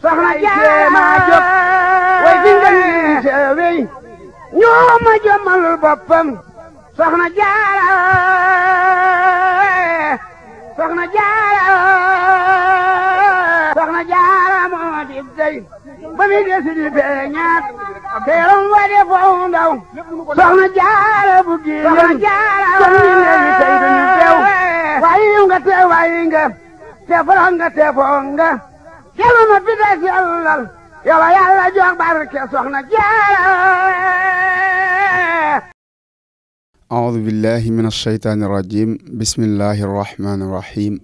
soxna Jaara sa wey ñoo ma jëmal boppam soxna Jaara moo di ba mi des di feeñaat teeram wa de foofu ndaw soxna Jaara bu génn soxna Jaara kon ñu yàlla na fi des yàllal yàlla yàlla jox barke soxna jaara aoudu billahi min alsheytaani irrajim bismillahi arrahmani irrahim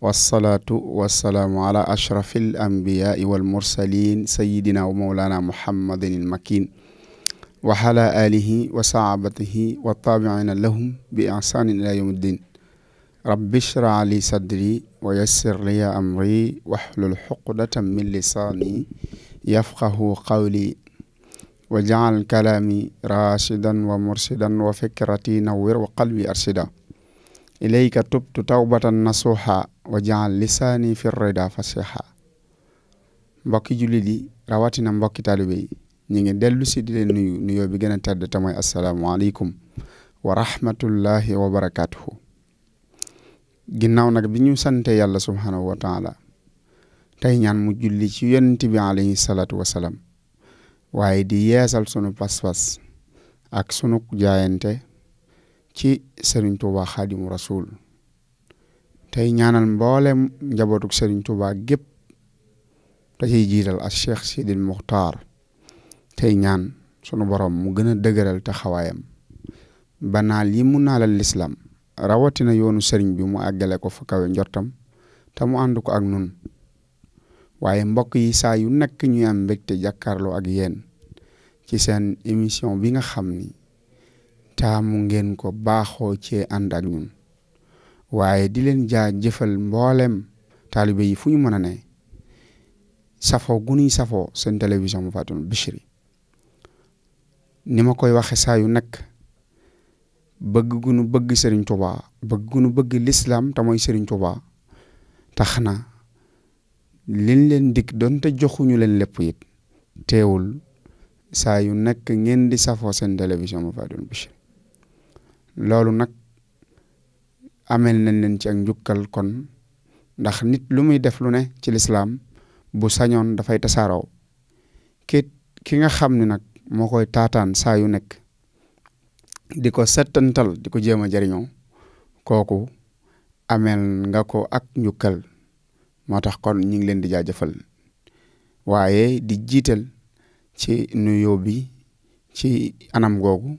walsalaatu walsalaamu ala ashrafi alambiyaai walmursalin sayidina wa mawlana muhammadin ilmakin wa ala alihi wa sahabatihi wa taabiina lahum bi ihsanin ila yawm ddin rabbi shrah li sadri wa yassir li amri wahlul uqdatan min lisaani yafqahu qawli wa jaal kalaami wa murshidan wa fikrati nawwir wa qalbi arshida ilayka tubtu tawbatan nasuha wa lisaani fi rida fasiha mbokki jullit yi rawatina mbokki taalibe yi ñu ngi dellu si di leen nuyu nuyoo bi gën a assalaamu aleykum wa wa barakaatuhu ginnaaw nag bi ñu sante yàlla subhaanahu wa taala tey ñaan mu julli ci yonent bi alayhi salaatu wasalaam waaye di yeesal sunu pas-pas ak sunu jaayante ci Serigne Touba Xaadimu Rasuul tey ñaanal mboolem njabootuk Serigne Touba gépp te ciy jiital ak Cheikh Sidil Muxtaar tey ñaan sunu borom mu gën a dëgëral taxawaayam ba naal yi mu naalal lislaam rawatina yoonu sëriñ bi mu àggale ko fa kawe njortam te mu ànd ko ak nun waaye mbokk yi saa yu nekk ñuy am mbégte ak yéen ci seen émission bi nga xam ni taamu ngeen ko baaxoo cee ànd ak ñun waaye di leen jaa jëfal mboolem taalibe yi fu ñu mën a ne safo gu ñuy safoo seen télévision mu fàttun Bichri ni ma koy waxe saa yu bëgg gu bëgg Serigne Touba bëgg gu bëgg lislaam te mooy Serigne Touba tax na liñ leen dikk donte joxuñu leen lépp teewul saa yu nekk ngeen di safoo seen télévision Mafatihoul Bichri loolu nag amel nañ leen ci ak kon ndax nit lu muy def lu ne ci lislaam bu sañoon dafay tasaaroo kit ki nga xam ne nag moo koy taataan saa yu nekk di ko settantal di ko jéem a jariñoo kooku amel nga ko ak njukkal moo tax kon ñu ngi leen di jaajëfal waaye di jiital ci nuyoo bi ci anam googu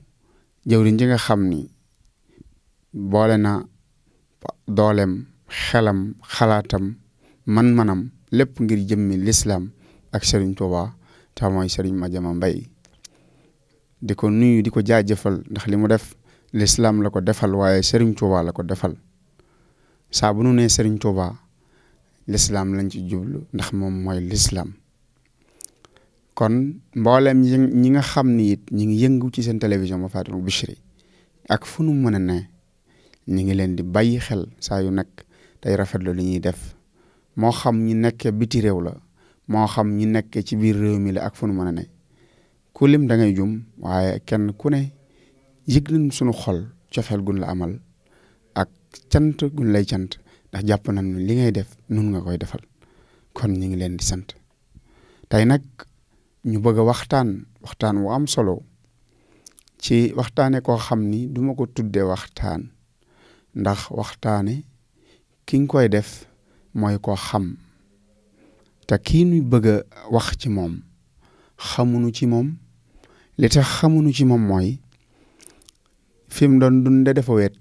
jëwriñ ji nga xam ni boole na dooleem xelam xalaatam man-manam lépp ngir jëmmi lislaam ak Serigne Touba te mooy ma Madiama Mbaye di ko nuyu di ko jaajëfal ndax li mu def lislaam la ko defal waaye Serigne Touba la ko defal saa bu nu ne Serigne Touba lislaam lañ ci jublu ndax moom mooy lislaam kon mboolem ñi nga xam ni it ñi ngi yëngu ci seen télévision ma Fatul Bichri ak fu nu mën a ne ñi ngi leen di bàyyi xel saa yu nekk tey rafetlu li ñuy def moo xam ñi nekk biti réew la moo xam ñi nekk ci biir réew mi la ak fu nu mën a ne ku lim da ngay jum waaye kenn ku ne yëg nañ sunu xol cofeel gun la amal ak cant gun lay cant ndax jàpp nañ li ngay def nun nga koy defal kon ñu ngi leen di sant tey nag ñu bëgg a waxtaan waxtaan wu am solo ci waxtaane koo xam ni duma ko tudde waxtaan ndax waxtaane ki nga koy def mooy koo xam te kii nu bëgg a wax ci moom xamuñu ci moom li tax xamuñu ci moom mooy fi mu doon dunde dafa weet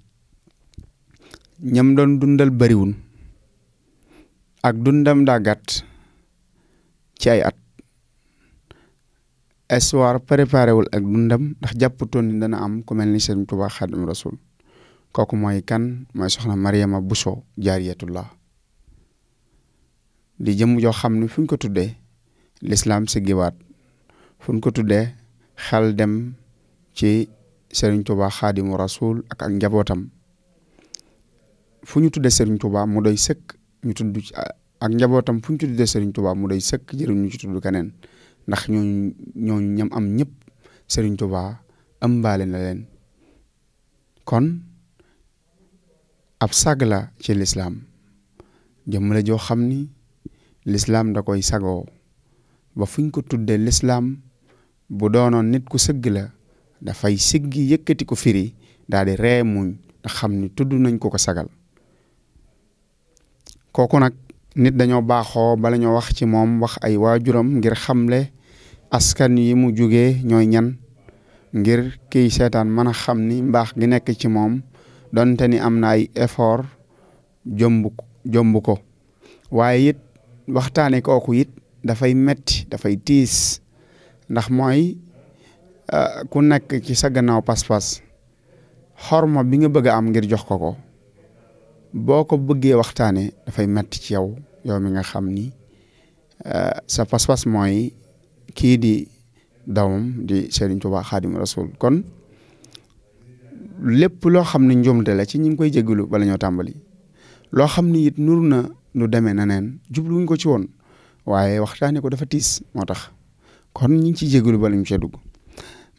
ñam doon dundal bariwun ak dundam daa gàtt ci ay at histoire préparé wul ak dundam ndax jàpputoon ni dana am ku mel ni Sëriñ Tuubaa Xaadimu Rasuul kooku mooy kan mooy soxna Mariama Bousso jaariyatullah di jëm joo xam ne fu ñu ko tuddee lislaam si giwaat fu ñu ko tuddee xel dem ci Serigne Touba xaadimu rasul ak ak njabootam fu ñu tuddee sëriñ Touba mu doy sëkk ñu tudd ci ak njabootam fu ñu tuddee Serigne Touba mu doy sëkk jëriñ ñu ci tudd keneen ndax ñooñu ñooñu ñam am ñëpp Serigne Touba ëmbaale na leen kon ab sagla ci lislaam jëmm joo xam ni lislam da sagoo ba fu ñu ko tuddee lislaam bu doonoon nit ku sëgg la dafay siggi yëkkati ko firi daal di ree muñ te xam ni tuddu nañ ko ko sagal kooku nag nit dañoo baaxoo bala ñoo wax ci moom wax ay waajuram ngir xamle askan yi mu jugee ñooy ñan ngir kiy seetaan mën a xam ni mbaax gi nekk ci moom donte ni am na ay effort jomb jomb ko waaye it waxtaane kooku it dafay metti dafay tiis ndax mooy ah, ku nag ci sa gannaaw pas-pas xorma bi nga bëgg a am ngir jox ko ko boo ko bëggee waxtaanee dafay metti ci yow yow mi nga xam ni ah, sa pas-pas mooy kii di dawam di Serigne Touba Xaadimu Rasul kon lépp loo xam ne njuumte la ci ñi ngi koy jégalu bala ñoo tàmbali loo xam ni it nur na nu demee na neen jubluwuñ ko ci woon waaye waxtaane ko dafa tiis moo tax. kon ñu ngi ciy jégalu bala ñu cee dugg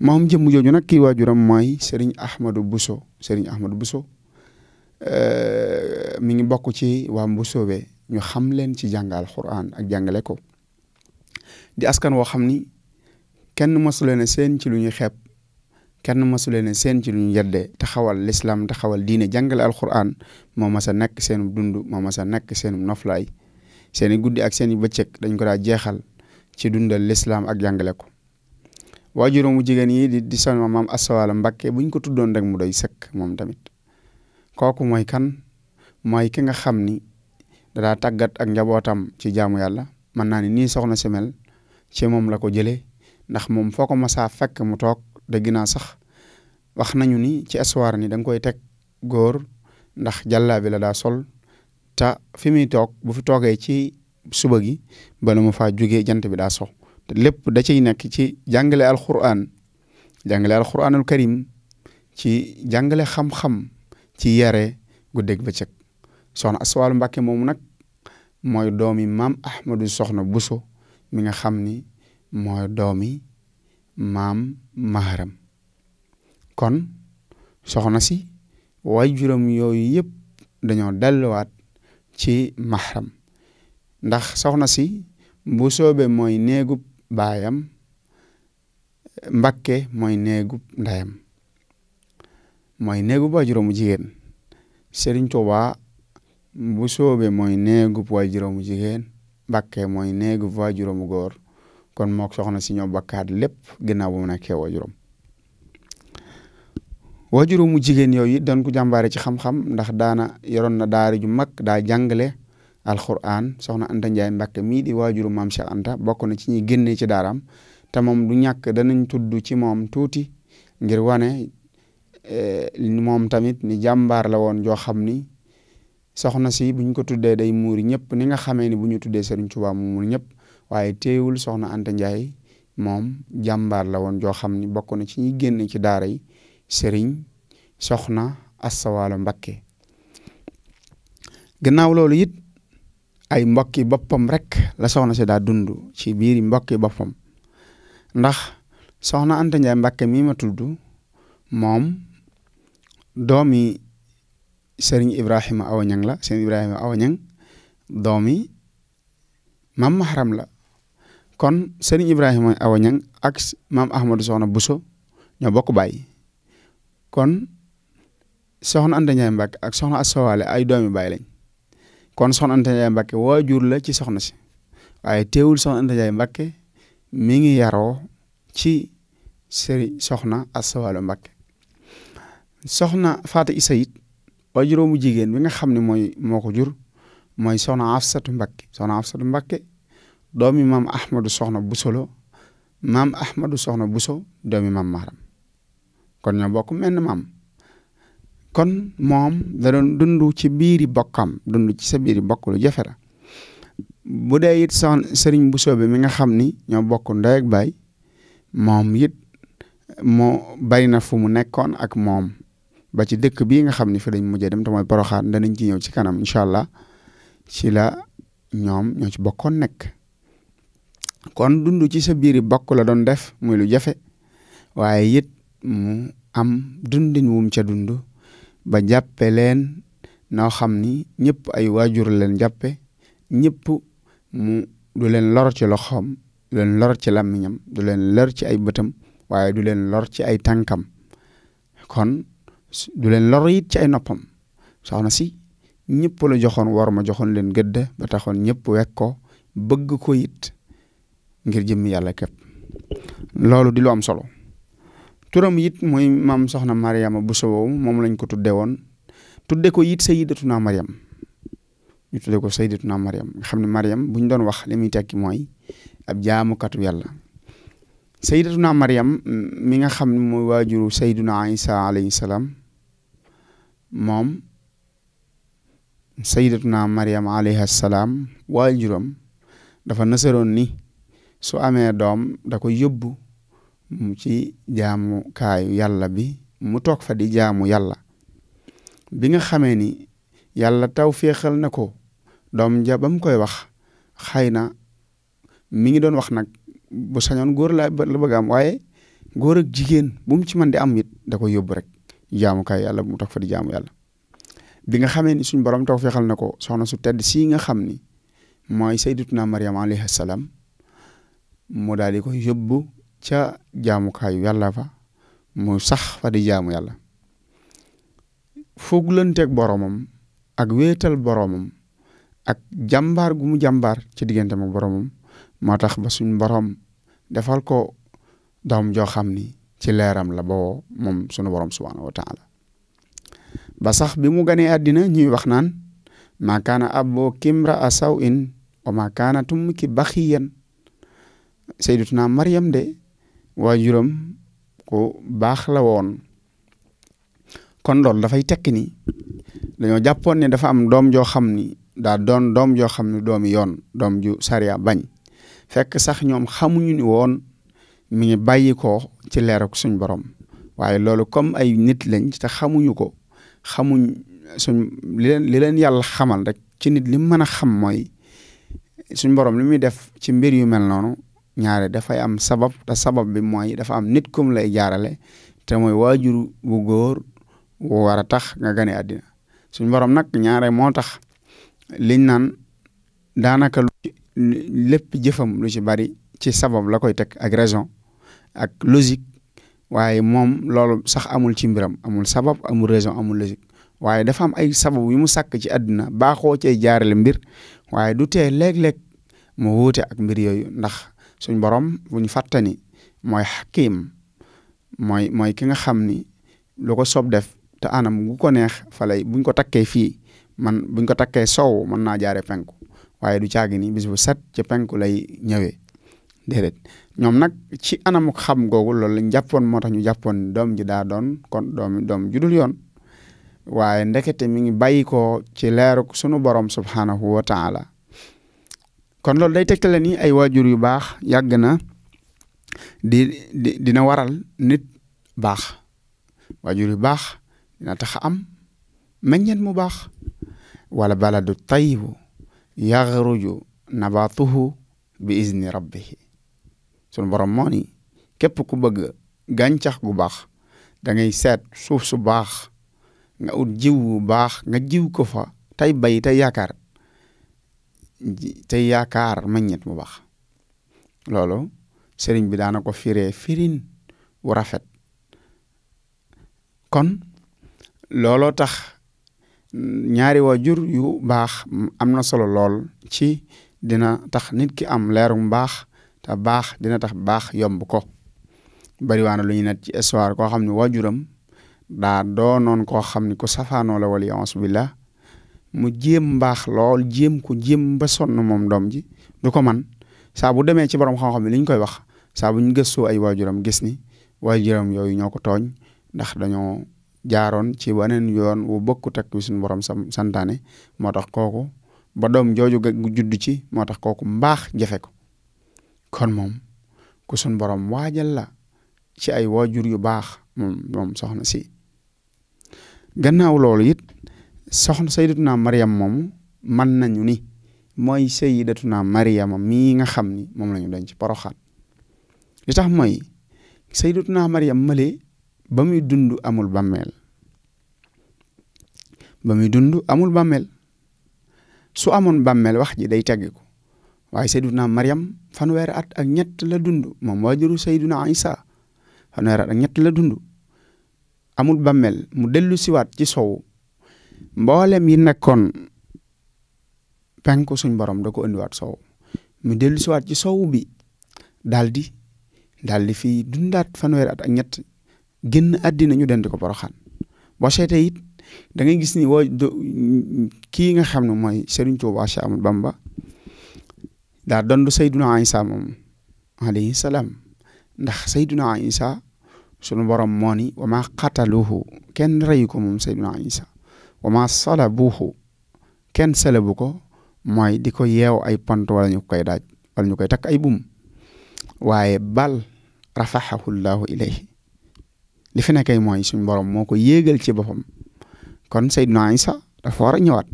maam jëmm jooju nag kii waajuram mooy Serigne Ahmadou Bousso Serigne Ahmadou Bousso euh, mi ngi bokk ci waa Mbusoobe ñu xam leen ci jàngal Alxuraan ak jàngale ko di askan woo xam ni kenn masu leen seen ci lu ñuy xeeb kenn masu leen seen ci lu ñu yeddee taxawal lislaam xawal diine jàngale Alxuraan moo mas a nekk seen dund moo masa a nekk seen noflaay seen guddi ak seeni i dañu ko daa jeexal ci dundal lislaam ak jàngale ko waajuró mu jigéen yi di di sama maam asawaala Mbàkke buñ ko tuddoon rek mu doy sëkk moom tamit kooku mooy kan mooy ki nga xam ni dadaa tàggat ak njabootam ci jaamu yàlla mën naa ni nii soxna si mel ci moom la ko jëlee ndax moom foo ko masaa fekk mu toog dégg naa sax wax nañu ni ci aswaar ni da nga koy teg góor ndax jàllaa la daa sol te fi muy toog fi toogee ci suba gi bala fa faa jógee jant bi daa sox te lépp da ciy nekk ci jàngale alquran jàngale alquranul karim ci jàngale xam-xam ci yare guddeeg bëccëg soxna Aswaalu Mbàkke moomu nag mooy doomi maam Ahmadu soxna Buso mi nga xam ni mooy doomi maam Maharam kon soxna si waajuram yooyu yëpp dañoo delluwaat ci Maharam ndax soxna si bu soobe mooy néegub baayam mbakke moy néegub ndayam mooy néegub waajuram bu jigéen Serigne Touba bu soobe mooy néegub waajuram bu jigéen mbakke mooy néegub waajuram bu góor kon mook soxna si ñoo bakkaat lépp ginnaaw bu mu nekkee waajuram waajuram bu jigéen yooyu dañ ko jàmbaare ci xam-xam ndax daana yoroon na daara ju mag daa jàngale alxuraan soxna Anta Ndiaye Mbacke mii di waajuru maam Cheikh Anta bokk na ci ñuy génnee ci daaraam te moom du ñàkk danañ tudd ci moom tuuti ngir wane eh, moom tamit ni jàmbaar la woon joo xam ni soxna si buñ ko tuddee day muur ñëpp ni nga xamee ni bu ñu tuddee Serigne Touba mu muur ñëpp waaye teewul soxna Anta Ndiaye moom jàmbaar la woon joo xam ni bokk na ci ñuy génne ci daara yi Serigne soxna Assawaalo mbake gannaaw loolu it. ay mbokki boppam rek la soxna si daa dund ci biir mbokki boppam ndax soxna Anta Ndiaye Mbàkke mii ma tudd moom doomi sëriñ Ibrahima Awa Ñang la sëriñ Ibrahima Awa Ñang doomi maam Maharam la kon sëriñ Ibrahima Awa Ñang ak maam Ahmadou Soxna Bousso ñoo bokk baay kon soxna Anta Ndiaye Mbàkke ak soxna Assawaale ay doomi baay lañ kon soxna Anta Ndiaye Mbacke waajur la ci soxna si waaye teewul soxna Anta Ndiaye Mbacke mi ngi yaroo ci sëriñ soxna Asta Walo Mbacke soxna Fatou Issa it waajuroo mu jigéen bi nga xam ne mooy moo ko jur mooy soxna Afsatu Mbacke soxna Afsatu Mbacke doomi maam Ahmadou soxna Bousso la maam Ahmadou soxna Bousso doomi maam Maram kon ñoo bokk menn maam. kon moom da doon dund ci biiri bokkam dundu ci sa biir bokk lu jafe bu dee it soxna sëriñ bu soobe mi nga xam ni ñoo bokk baay moom it moo bari na fu mu nekkoon ak moom ba ci dëkk bii nga xam ni fi lañ mujjee dem te mooy Poroxaan danañ ci ñëw ci kanam incha allah ci la ñoom ñoo ci bokkoon nekk kon dundu ci sa biiri bokk la doon def muy lu jafe waaye it mu am dundin wum ca dund ba jàppe leen noo xam ni ñëpp ay waajur leen jàppe ñëpp mu du leen lor ci loxoom du leen lor ci làmmiñam du leen lor ci ay bëtam waaye du leen lor ci ay tànkam kon du leen lor it ci ay noppam soxna si ñëpp la joxoon war ma joxoon leen gëdd ba taxoon ñëpp wekk ko bëgg ko it ngir jëmmi yàlla képp loolu di lu solo turam it mooy maam soxna Mariama bu woowu moom lañ ko tuddee woon tudde ko it sayyidatuna Mariam ñu tudde ko sayyidatuna Mariam nga xam ne Mariam bu ñu doon wax li muy tekki mooy ab jaamukatu yàlla sayyidatuna Mariam mi nga xam ne mooy waajuru sayyiduna salaam moom sayyidatuna Mariam alayhi salaam waajuram dafa nasaroon ni su amee doom dako ko mu ci jaamu kaayu yàlla bi mu toog fa di jaamu yàlla bi nga xamee ni yàlla taw féexal na ko doom ja mu koy wax xëy na mi ngi doon wax nag bu sañoon góor la la bëgg am waaye góor ak jigéen bu ci mën di am it da koy yóbbu rek jaamu kaayu yàlla mu toog fa di jaamu yàlla bi nga xamee ni suñ borom féexal na ko soxna su tedd sii nga xam ni mooy sayyidatuna Maryam alayhi salaam mu daal di koy ca jaamukaayu yàlla fa mu sax fa di jaamu yàlla foogulanteeg boromam ak wetal boromam ak jàmbaar gu mu jàmbaar ci diggante ak boromam moo tax ba suñ borom defal ko doom joo xam ni ci leeram la boo moom sunu borom subhaanahu wa ba sax bi mu ganee àddina ñuy wax naan maa kaana aboo kimra a saw in wa maa kaana tumki baxiyan sayyidatuna Maryam de waajuram ku baax la woon kon loolu dafay tekki ni dañoo jàppoon ne dafa am doom joo xam ni daa doon doom joo xam ne doom yoon doom ju sariya bañ fekk sax ñoom xamuñu ni woon mi ngi bàyyi ko ci leeruk suñ boroom waaye loolu comme ay nit lañ te xamuñu ko xamuñ suñ li leen yàlla xamal rek ci nit li mën a xam mooy suñ borom li muy def ci mbir yu mel noonu ñaare dafay am sabab te sabab bi mooy dafa am nit kum lay jaarale te mooy waajur wu góor war a tax nga gane àddina suñ borom nag ñaare moo tax liñ naan daanaka lépp lu ci bari ci sabab la koy teg ak raison ak logique waaye moom loolu sax amul ci mbiram amul sabab amul raison amul logique waaye dafa am ay sabab yu mu sàkk ci àdduna baaxoo cay jaarale mbir waaye du tee léeg-léeg mu wuute ak mbir yooyu ndax suñ borom bu ñu fàtte ni mooy xakim mooy mooy ki nga xam ni lu ko soob def te anam gu ko neex fa lay ko takkee fii man buñ ko takkee sow mën naa jaaree penku waaye du caagi ni bis bu set ci penku lay ñëwee déedéet ñoom nag ci anam xam googu loolu lañ jàppoon moo tax ñu jàppoon doom ji daa doon kon doom doom ju yoon waaye ndekete mi ngi bàyyi ko ci leeruk sunu borom subhanahu wa taala kon loolu day tegtale ni ay waajur yu baax yàgg na di dina waral nit baax waajur yu baax dina tax am meññeen mu baax walla wala baladu tayibu yaxruju nabaatuhu bi izni rabbihi sunu borom moo ni képp ku bëgg gàncax gu baax dangay seet suuf su baax nga ut jiw bu baax nga jiw ko fa tey bay tey yaakaar tey yaakaar meññeet mu baax loolu sëriñ bi daana ko fiire firin wu rafet kon looloo tax ñaari waajur yu baax am na solo lool ci dina tax nit ki am leerum baax te baax dina tax baax yomb ko bari waana lu ñu net ci histoire koo xam ne waajuram daa noon koo xam ne ku safaanoo la wala yaasu mu jéem mbaax lool jéem ko jéem ba sonn moom doom ji du ko man saa bu demee ci borom xam-xam li koy wax saa bu ñu gëstoo ay waajuram gis ni waajuram yooyu ñoo ko tooñ ndax dañoo jaaroon ci waneen yoon wu bokkut ak wi suñu borom sam santaane moo tax kooku ba doom jooju judd ci moo tax kooku mbaax jafe ko kon moom ku suñ borom waajal la ci ay waajur yu baax moom moom soxna si gannaaw loolu it soxna sayyidatuna Maryam moom man nañu ni mooy sayyidatuna Maryam mii nga xam ni moom la ñu denc poroxaan li tax mooy sayyidatuna Maryam male ba muy dund amul bàmmeel ba muy dund amul bàmmeel su amoon bàmmeel wax ji day tegg ko waaye sayduna Maryam fanweeri at ak ñett la dund moom waajuru sayduna Isa fanweeri at ak ñett la dund amul bàmmeel mu dellu siwaat ci sow mboolem yi nekkoon penku suñ borom da ko indiwaat sow mu dellusiwaat ci sow bi daal di daal di fi dundaat fanweeri at ak ñett génn àddina ñu den ko boroxaan boo seetee it da gis ni woo kii nga xam ne mooy Serigne Touba Cheikh Ahmadou Bamba daa dondu Seyduna Isa moom alayhi salaam ndax Seyduna Isa sunu borom moo ni wa maa qataluhu kenn reyu ko moom Seyduna Isa wa sola buuxu kenn selebu ko moy di ko yeew ay pont wala ñu koy daaj wala ñu koy takk ay bum waaye bal rafaxahu llahu ilayhi li fi nekkee mooy suñ borom moo ko yéegal ci boppam kon Seydina Isa dafa war a ñëwaat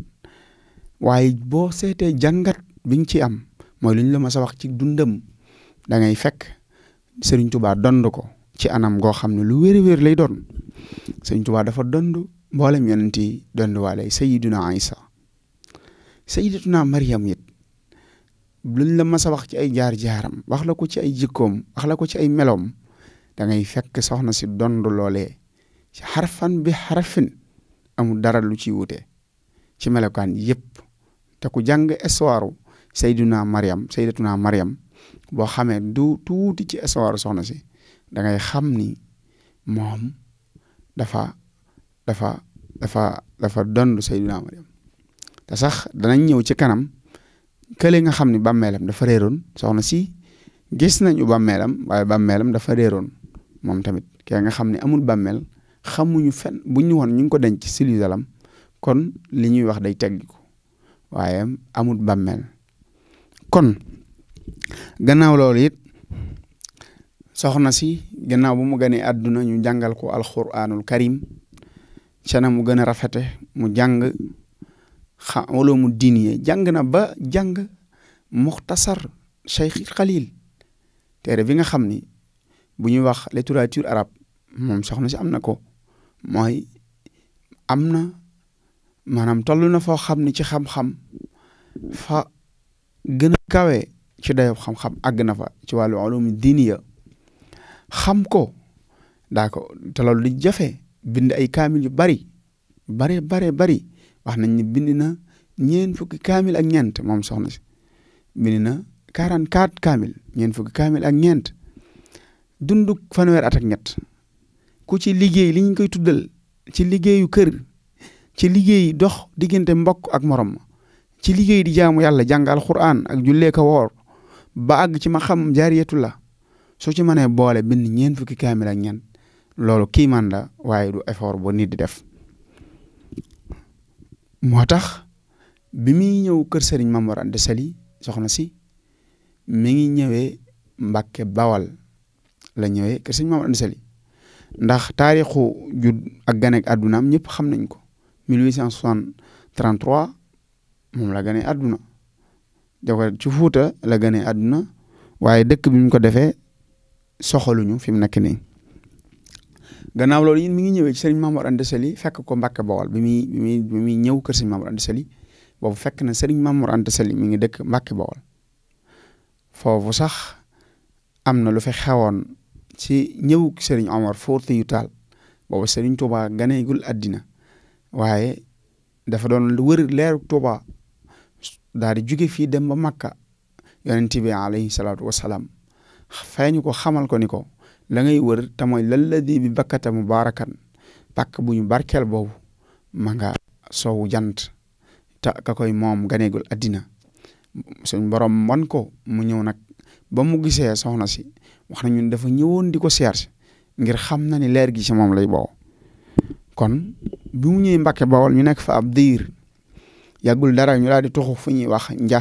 waaye boo seetee jàngat biñ ci am mooy lu ñu la ma sa wax ci dundam dangay fekk Serigne Touba dond ko ci anam goo xam ne lu wér-wér lay doon Serigne Touba dafa dond mboolem yonent yi donduwaale sayiduna Isa na Maryam yit luñ la mas a wax ci ay jaar-jaaram wax la ko ci ay jikkoom wax la ko ci ay meloom da ngay fekk soxna si dondu loole ci xarfan bi xarfin amul dara lu ci wute ci melokaan yëpp te ku jàng histoire sayduna Maryam sayidatuna Maryam boo xamee du tuuti ci histoire soxna si da ngay xam ni moom dafa. dafa dafa dafa donn Sayyidina te sax danañ ñëw ci kanam kële nga xam ni bàmmeelam dafa reeroon soxna si gis nañu bàmmeelam waaye bàmmeelam dafa reeroon moom tamit kee nga xam ne amul bàmmeel xamuñu fenn bu ñu woon ñu ngi ko denc ci Yerusalem kon li ñuy wax day teggi ko waaye amul bàmmeel kon gannaaw loolu it soxna si gannaaw bu mu gënee àdduna ñu jàngal ko alxuraanul karim ca na mu gën a rafete mu jàng xa wala mu diine jàng na ba jàng muxtasar Cheikh Khalil téere bi nga xam ni bu ñuy wax littérature arabe moom soxna si am na ko mooy am na maanaam toll na foo xam ni ci xam-xam fa gën a kawe ci dayob xam-xam àgg na fa ci wàllu ulum diiniya xam ko daa ko te loolu di jafe bind ay kaamil yu bari bare bare bari wax nañ ni bind na ñeen fukki kaamil ak ñeent moom soxna si bind na 44 kaamil ñeen fukki kaamil ak ñeent dundu fanweer at ak ñett ku ci liggéey li ñu koy tuddal ci liggéeyu kër ci liggéey dox diggante mbokk ak morom ci liggéey di jaamu yàlla jàng alxuraan ak jullee ko woor ba àgg ci ma xam jaariyatu la soo ci mënee boole bind ñeen fukki kaamil ak ñeent loolu kii la waaye du effort boo nit di def moo tax bi muy ñëw kër Serigne Mame Mor soxna si mi ngi ñëwee mbake Bawal la ñëwee kër Serigne Mame Mor ndax taarixu jud ak gane ak addunaam ñëpp xam nañ ko 1833 moom la gane adduna joxe ci Fuuta la gane adduna waaye dëkk bi ko defee soxaluñu fi mu nekk nii gannaaw loolu yéen mi ngi ñëwee ci sëriñ Mamour Anta Sali fekk ko Mbàkke Bawol bi muy bi ñëw kër sëriñ Mamour Anta Sali boobu fekk na sëriñ Mamour Anta Sali mi ngi dëkk Mbàkke Bawol foofu sax am na lu fi xewoon si ñëw sëriñ Omar Foutiyou Tall boobu sëriñ Touba ganeegul àddina waaye dafa doon lu wër leeru Touba daal di jóge fii dem ba Makka yonent bi alayhi salaatu wasalaam feeñu ko xamal ko ni ko la ngay wër te mooy lalladi bi bakkata mubarakan pàkk bu ñu barkeel boobu ma nga sowu jant te moom ganeegul addina suñ borom wan ko mu ñëw nag ba mu gisee soxna si wax na ñun dafa ñëwoon di ko chercher ngir xam na ni leer gi si moom lay boow kon bi mu ñëwee Mbàkke Bawol ñu nekk fa ab diir yàggul dara ñu daal di tuxu fu ñuy wax nja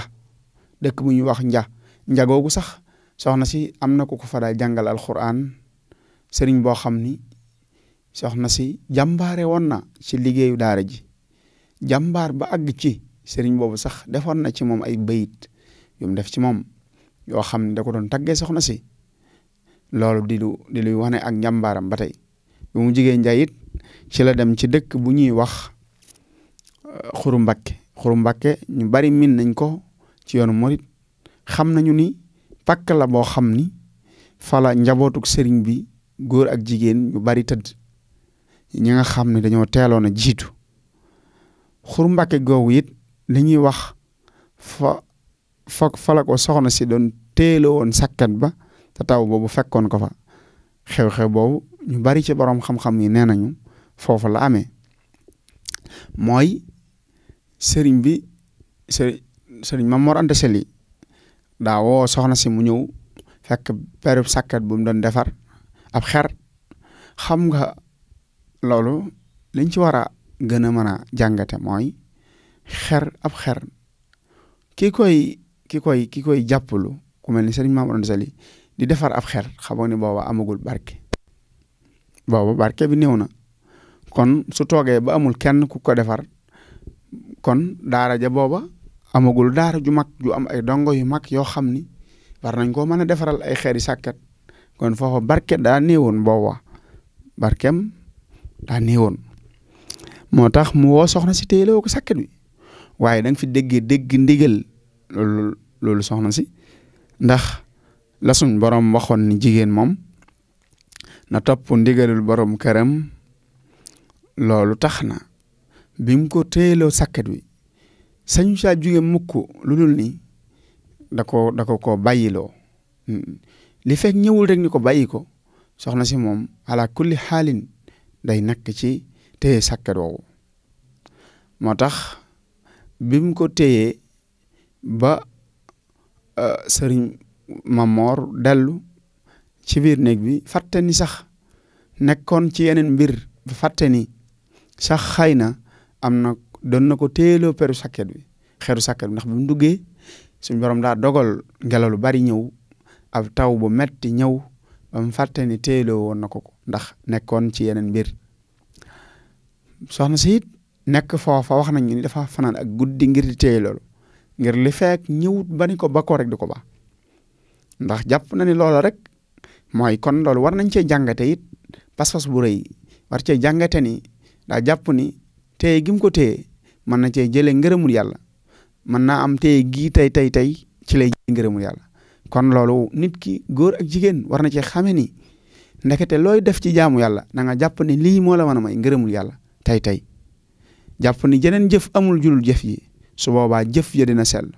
dëkk bu ñuy wax nja nja sax soxna si am na ku ko fa daa jàngal alxuraan sëriñ boo xam ni soxna si jàmbaare woon na ci liggéeyu daara ji jàmbaar ba àgg ci sëriñ boobu sax defoon na ci moom ay bayit yu def ci moom yoo xam ne da doon taggee soxna si loolu di lu di luy wane ak njàmbaaram ba tey bi mu jigéen ci la dem ci dëkk bu ñuy wax euh, xuru mbakke xuru mbakke ñu bari miin nañ ko ci yoonu morit xam nañu ni pàkk la boo xam ni fala njabootuk sëriñ bi góor ak jigéen ñu bari tëdd ñi nga xam ne dañoo teeloon a jiitu xur mbàkke googu it li ñuy wax fa fala ko soxna si doon téela woon sakkat ba te taw boobu fekkoon ko fa xew-xew boobu ñu bari ci borom xam-xam yi nee nañu foofu la amee mooy sëriñ bi sëriñ ma Mor Anta daa woo soxna si mu ñëw fekk perub sàkkat bu mu doon defar ab xer xam nga loolu liñ ci war a gën a mën a jàngate mooy xer ab xer ki koy ki koy ki koy jàppalu ku mel ni sëriñ Mamadou Sali di defar ab xer xamoo ni booba amagul barke booba barke bi néew na kon su toogee ba amul kenn ku ko defar kon daara ja booba amagul daara ju mag ju am ay dongo yu mag yoo xam ni war nañ koo mën a defaral ay xeeri sàkket kon foofa barke daa néewoon booba barkeem da néwoon moo tax mu woo soxna si téyeloo ko sàkket wi waaye da nga fi déggee dégg ndigal lolu soxna si ndax la suñ borom waxoon ni jigéen moom na topp ndigalul borom këram loolu tax na bim ko téyeloo sàkket wi sañu saa jóge mukk lu dul ni da ko da ko koo bàyyiloo li fekk ñëwul rek ni ko bàyyi ko soxna si moom ala kulli xaalin day nakk ci téye sàkket woowu moo tax bi mu ko téyee ba euh, sëriñ Mamor dellu ci biir néeg bi fàtte ni sax nekkoon ci yeneen mbir fàtte ni sax xëy na am na doon na ko téeloo peru sàkket bi xeeru sàkket ndax bu mu duggee suñu borom daa dogal ngelaw lu bari ñëw ab taw bu metti ñëw ba mu ni téeloo woon na ko ko ndax nekkoon ci yeneen mbir soxna si it nekk foofa wax nañ ni dafa fanaan ak guddi ngir di téye loolu ngir li fekk ñëwut ba ko ba rek di ko ba ndax jàpp na ni loola rek mooy kon loolu war nañ cee jàngate it pas-pas bu rëy war jàngate ni daa jàpp ni téye gi mu ko téye mën na cee jëlee ngërëmul yàlla mën naa am téye gii tey tey tey ci lay jëlee ngërëmul yàlla kon loolu nit ki góor ak jigéen war na cee xame ni ndekete looy def ci jaamu yàlla na nga jàpp ne lii moo la mën a may ngërëmul yàlla tey tey jàpp ni jeneen jëf amul julul jëf yi su boobaa jëf ja dina sell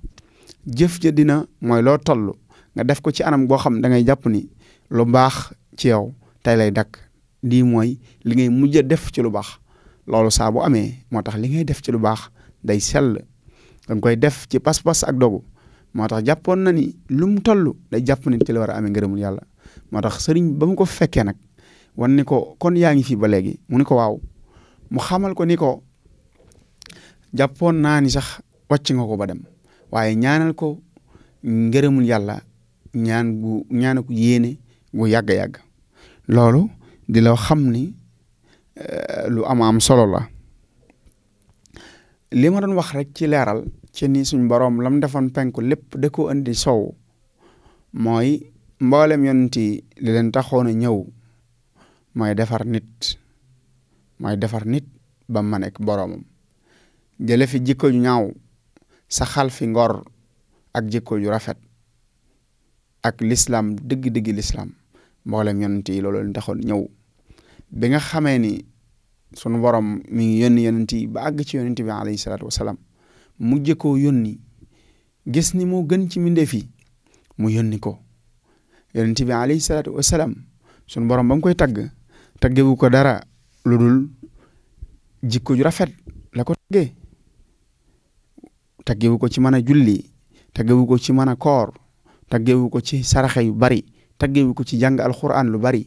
jëf ja dina mooy loo toll nga def ko ci anam goo xam da ngay jàpp ni lu baax ci yow tey lay dakk lii mooy li ngay mujj a def ci lu baax loolu saa bu amee moo tax li ngay def ci lu baax day sell danga koy def ci pas-pas ak dogu moo tax jàppoon na ni lu mu toll day jàpp ne ci la war a amee ngërëmul yàlla moo tax sëriñ ba mu ko fekkee nag wan ni ko kon yaa ngi fii ba léegi mu ni ko waaw mu xamal ko ni ko jàppoon naa ni sax wàcc nga ko ba dem waaye ñaanal ko ngërëmul yàlla ñaan gu ñaana ko yéene gu yàgg-yàgg loolu di la xam ni Eh, lu am am solo la li ma doon wax rek ci leeral ci ni suñ boroom lam defoon penku lépp da ko indi sow mooy mboolem yonent yi li leen taxoon a ñëw mooy defar nit mooy defar nit ba ma nekk boroomam jële fi jikko ju ñaaw saxal fi ngor ak jikko ju rafet ak lislaam dëgg-dëgg lislaam mboolem yonent yi loolu leen taxoon ñëw bi sunu borom mi ngi yónni yonent yi ba àgg ci yonent bi alayhi salaatu wasalaam mu jëkkoo yónni gis ni moo gën ci mbindeef fii mu yónni ko yonent bi alayhi salaatu wasalaam sunu borom ba mu koy tagg taggewu ko dara lu dul jikko ju rafet la ko taggee taggewu ko ci mën a julli taggewu ko ci mën a koor taggewu ko ci saraxe yu bari taggewu ko ci jàng alxuraan lu bari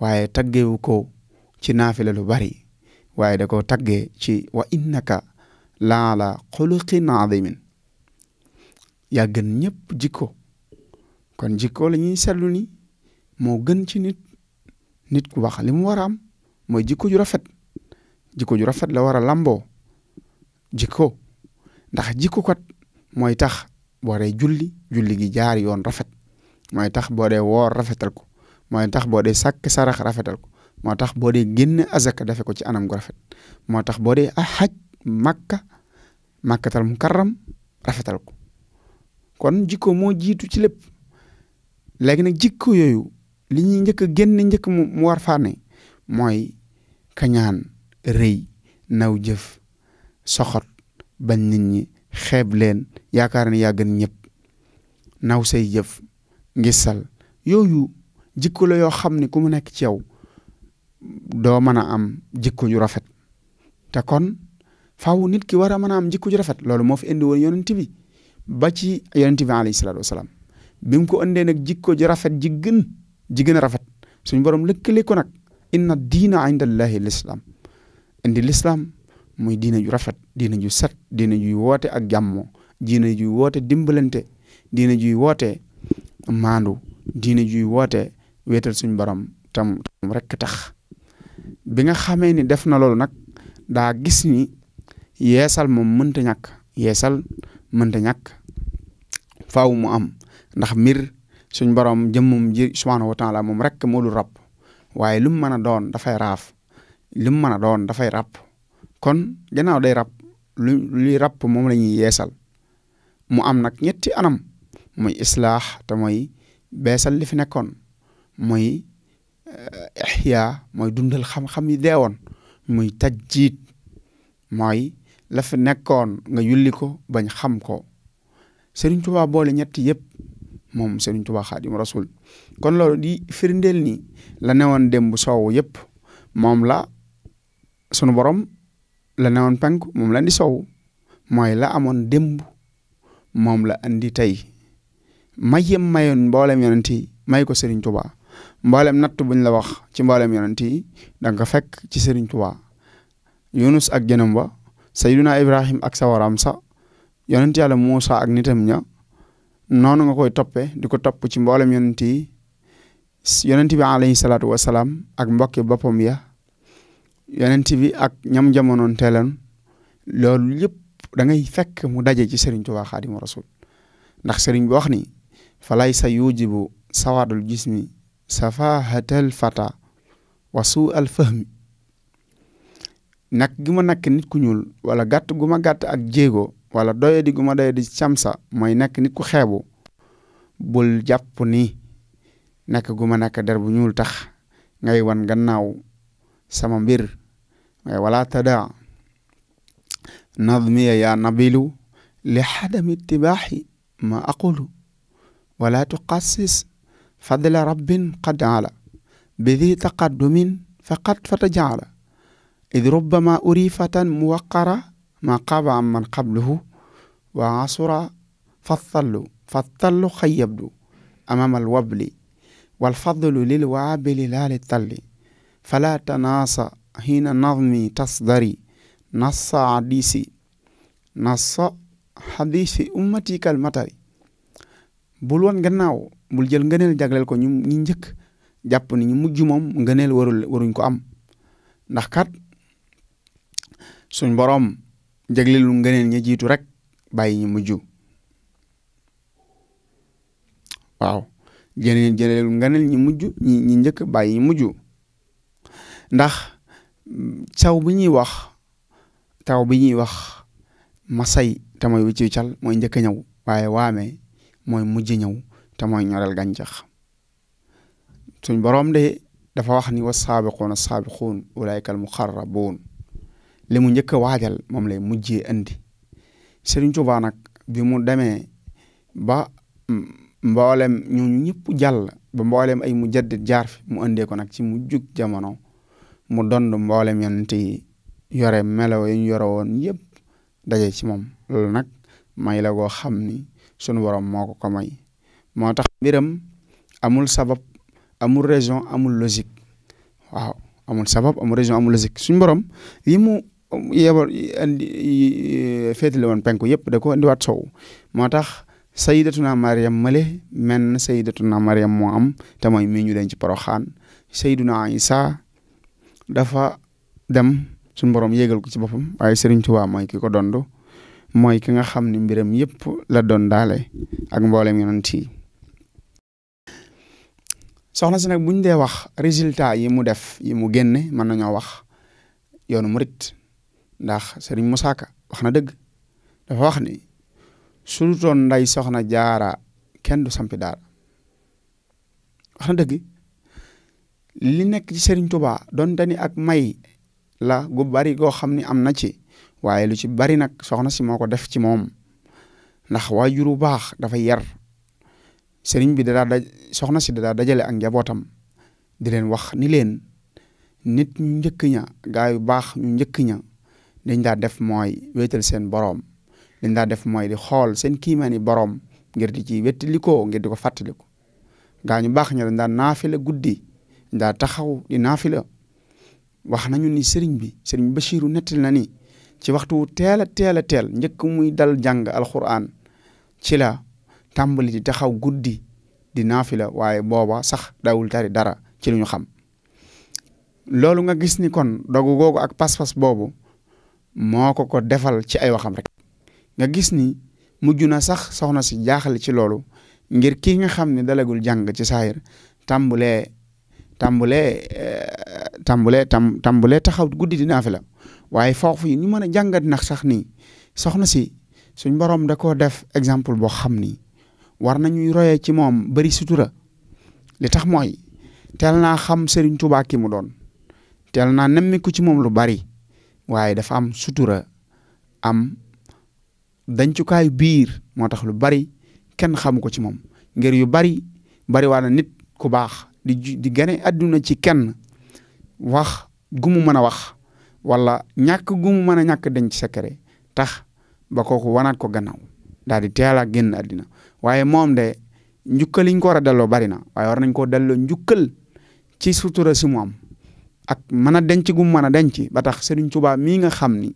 waaye taggewu ko ci naafila lu bari waaye da koo taggee ci wa innaka la ala xuluqin azimin ya gën ñëpp jikko kon jikko la ñuy seetlu ni moo gën ci nit nit ku wax li mu war a am mooy jikko ju rafet jikko ju rafet la war a lamboo jikko ndax jikko kat mooy tax boo dee julli julli gi jaar yoon rafet mooy tax boo dee woor rafetal ko mooy tax boo dee sàkk sarax rafetal ko moo tax boo dee génn azaka dafe ko ci anam gu rafet moo tax boo dee xaj makka makkatal karam rafetal ko kon jikko moo jiitu ci lépp léegi nag jikko yooyu li ñuy njëkk a génn njëkk mu war faane mooy kañaan rëy naw jëf soxot bañ nit ñi xeeb leen yaakaar ne yaa ñëpp naw say jëf ngisal yooyu jikko la yoo xam ne ku mu nekk ci yow doo mën a am jikko ju rafet te kon faaw nit ki war a mën a am jikko ju rafet loolu moo fi indi woon yonent bi ba ci yonent bi salaam salaatu wasalaam bi mu ko indee nag jikko ju rafet ji gën ji gën a rafet suñu borom lëkkale ko nag inna diina indallahi lislaam indi lislaam muy diina ju rafet diina ju set diina juy woote ak jàmmoo diina ju woote dimbalante diina juy woote maandu diina juy woote weetal suñu borom tam tam rek tax bi nga xamee ni def na loolu nag daa gis ni yeesal moom mënta ñàkk yeesal mënta ñàkk faaw mu am ndax mbir suñ borom jëmmum ji subhaanahu wa taala moom rek moo dul ràpp waaye lu mu mën a doon dafay raaf lu mu mën a doon dafay ràpp kon gannaaw day ràpp lu luy ràpp moom la ñuy yeesal mu am nag ñetti anam muy islaax te mooy beesal li fi nekkoon muy Eh, ihya mooy dundal xam-xam yi deewoon muy tajjiit mooy la fi nekkoon nga yulli ko bañ xam ko Serigne Touba boole ñetti yëpp moom Serigne Touba Xaadim Rasul kon loolu di firndeel ni la newoon démb soowu yëpp moom la sunu borom la newoon penku moom la andi soowu mooy la amoon démb moom la andi tey mayem mayoon mboolem yonent yi may ko Serigne Touba mboolem natt buñ la wax ci mboolem yonent yi da nga fekk ci Serigne tuwa Yunus ak jënam ba Sayyiduna Ibrahim ak sawaraam sa yonent yàlla Muusa ak nitam ña noonu nga koy toppee di ko topp ci mboolem yonent yi yonent bi alayhi salaatu wasalaam ak mbokki boppam ya yonent bi ak ñam jamonoon teeloon loolu yëpp da ngay fekk mu daje ci Serigne Touba Xaadimu Rasul ndax Serigne bi wax ni falay sa yujibu sawaadul jismi safahatal fata wa suu al nak gi ma nit ku ñuul wala gàtt gu ma ak jéego wala doyadi gu ma camsa mooy nekk nit ku xeebu bul jàpp ni nakk gu ma der bu ñuul tax ngay wan gannaaw sama mbir waaye wala tada nadmiya yaa nabilu li xadami ma aqulu wala tuqassis fadla rabbin qad ala bidi taqaddumin faqad fatajaala id rubbama urifatan muwaqara ma qaba am man qabluhu wa asura fattallu fattallu xayyabdu amama alwabli walfadlu lilwaabili laa litalli fala tanaasa hiina nadmi tasdari nassa hadisi nassa hadisi ummati kalmatari bul woon gannaaw bul jël ngëneel jagleel ko ñu ñi njëkk jàpp ni mujj moom ngëneel warul waruñ ko am ndax kat suñ boroom jagleelu ngëneel ña jiitu rek bàyyi ñu mujj waaw jëlee jëleelu ngëneel ñi mujj ñi ñi njëkk bàyyi ñu mujj ndax taw bi ñuy wax taw bi ñuy wax masay te mooy wicci cal mooy njëkk ñëw waaye waame mooy mujj ñëw te mooy ñoreel gàncax suñ boroom de dafa wax ni wa saabiquuna saabiquun ulaayka al muqarrabuun li mu njëkk a waajal moom lay mujjee andi Sëriñ Tuubaa nag bi mu demee ba mboolem ñooñu ñëpp jàll ba mboolem ay mujaddid jaar mu andee ko nag ci mu jug jamono mu dond mboolem yonent yi yore melo yi ñu yore woon yëpp daje ci moom loolu nag may la goo xam ni sunu borom moo ko ko may. moo tax mbiram amul sabab amul raison amul logique waaw amul sabab amul raison amul borom yi mu yebal andi woon penku yëpp da ko indiwaat sow moo tax sayidatuna Mariam male men sayidatuna Mariam moo am te mooy mii ñu leen ci poroxaan sayiduna Isa dafa dem suñu borom yéegal ko ci boppam waaye Serigne Touba mooy ki ko dond mooy ki nga xam ni mbiram yëpp la doon daale ak mboolem yonent yi soxna si nag buñ dee wax résultat yi mu def yi mu génne mën nañoo wax yoonu murit ndax Serigne Moussa Ka wax na dëgg dafa wax ni su du doon soxna jaara kenn du sampi daara waxna na dëgg li nekk ci Serigne Touba donte ni ak may la gu bari goo xam ni am na ci waaye lu ci bari nag soxna si moo ko def ci moom ndax waajuru baax dafa yar sëriñ bi dadaa daj soxna si dadaa dajale ak njabootam di leen wax ni leen nit ñu njëkk ña gaa yu baax ñu njëkk ña dañ daa def mooy wéetal seen boroom dañ daa def mooy di xool seen kiimaani boroom ngir di ci wettalikoo ngir di ko fàttaliku gaa ñu baax ña dañ daa naafila guddi dañ daa taxaw di naafila wax nañu ni sëriñ bi sëriñ Bachiru nettali na ni ci waxtu wu teel a teel a teel njëkk muy dal jàng alxuraan ci tàmbali ci taxaw guddi di naafila waaye booba sax dawul tari dara ci lu ñu xam loolu nga gis ni kon dogu googu ak pas-pas boobu moo ko ko defal ci ay waxam rek nga gis ni mujj na sax soxna si jaaxale ci loolu ngir kii nga xam ne dalagul jàng ci saayir tàmbulee tàmbulee eh, tàmbulee tam tàmbulee taxaw guddi di naafila waaye foofu yi ñu mën a jàngat nag sax ni soxna si suñ borom da koo def exemple boo xam ni war nañuy royee ci moom bari sutura li tax mooy teel naa xam Serigne Touba ki mu doon teel naa nemmiku ci moom lu bari waaye dafa am sutura am dancukaayu biir moo tax lu bari kenn xamu ko ci moom ngir yu bari bari waa na nit ku baax di di gane àdduna ci kenn wax gumu mu mën a wax wala ñàkk gu mu mën a ñàkk denc secret tax ba kooku wanaat ko gannaaw daal di teel a àddina waaye moom de njukkal yi ñu ko war a delloo bari na waaye war nañ koo delloo njukkal ci sutura si mu am ak mën a denc gu mu mën a denc ba tax Serigne Touba mii nga xam ni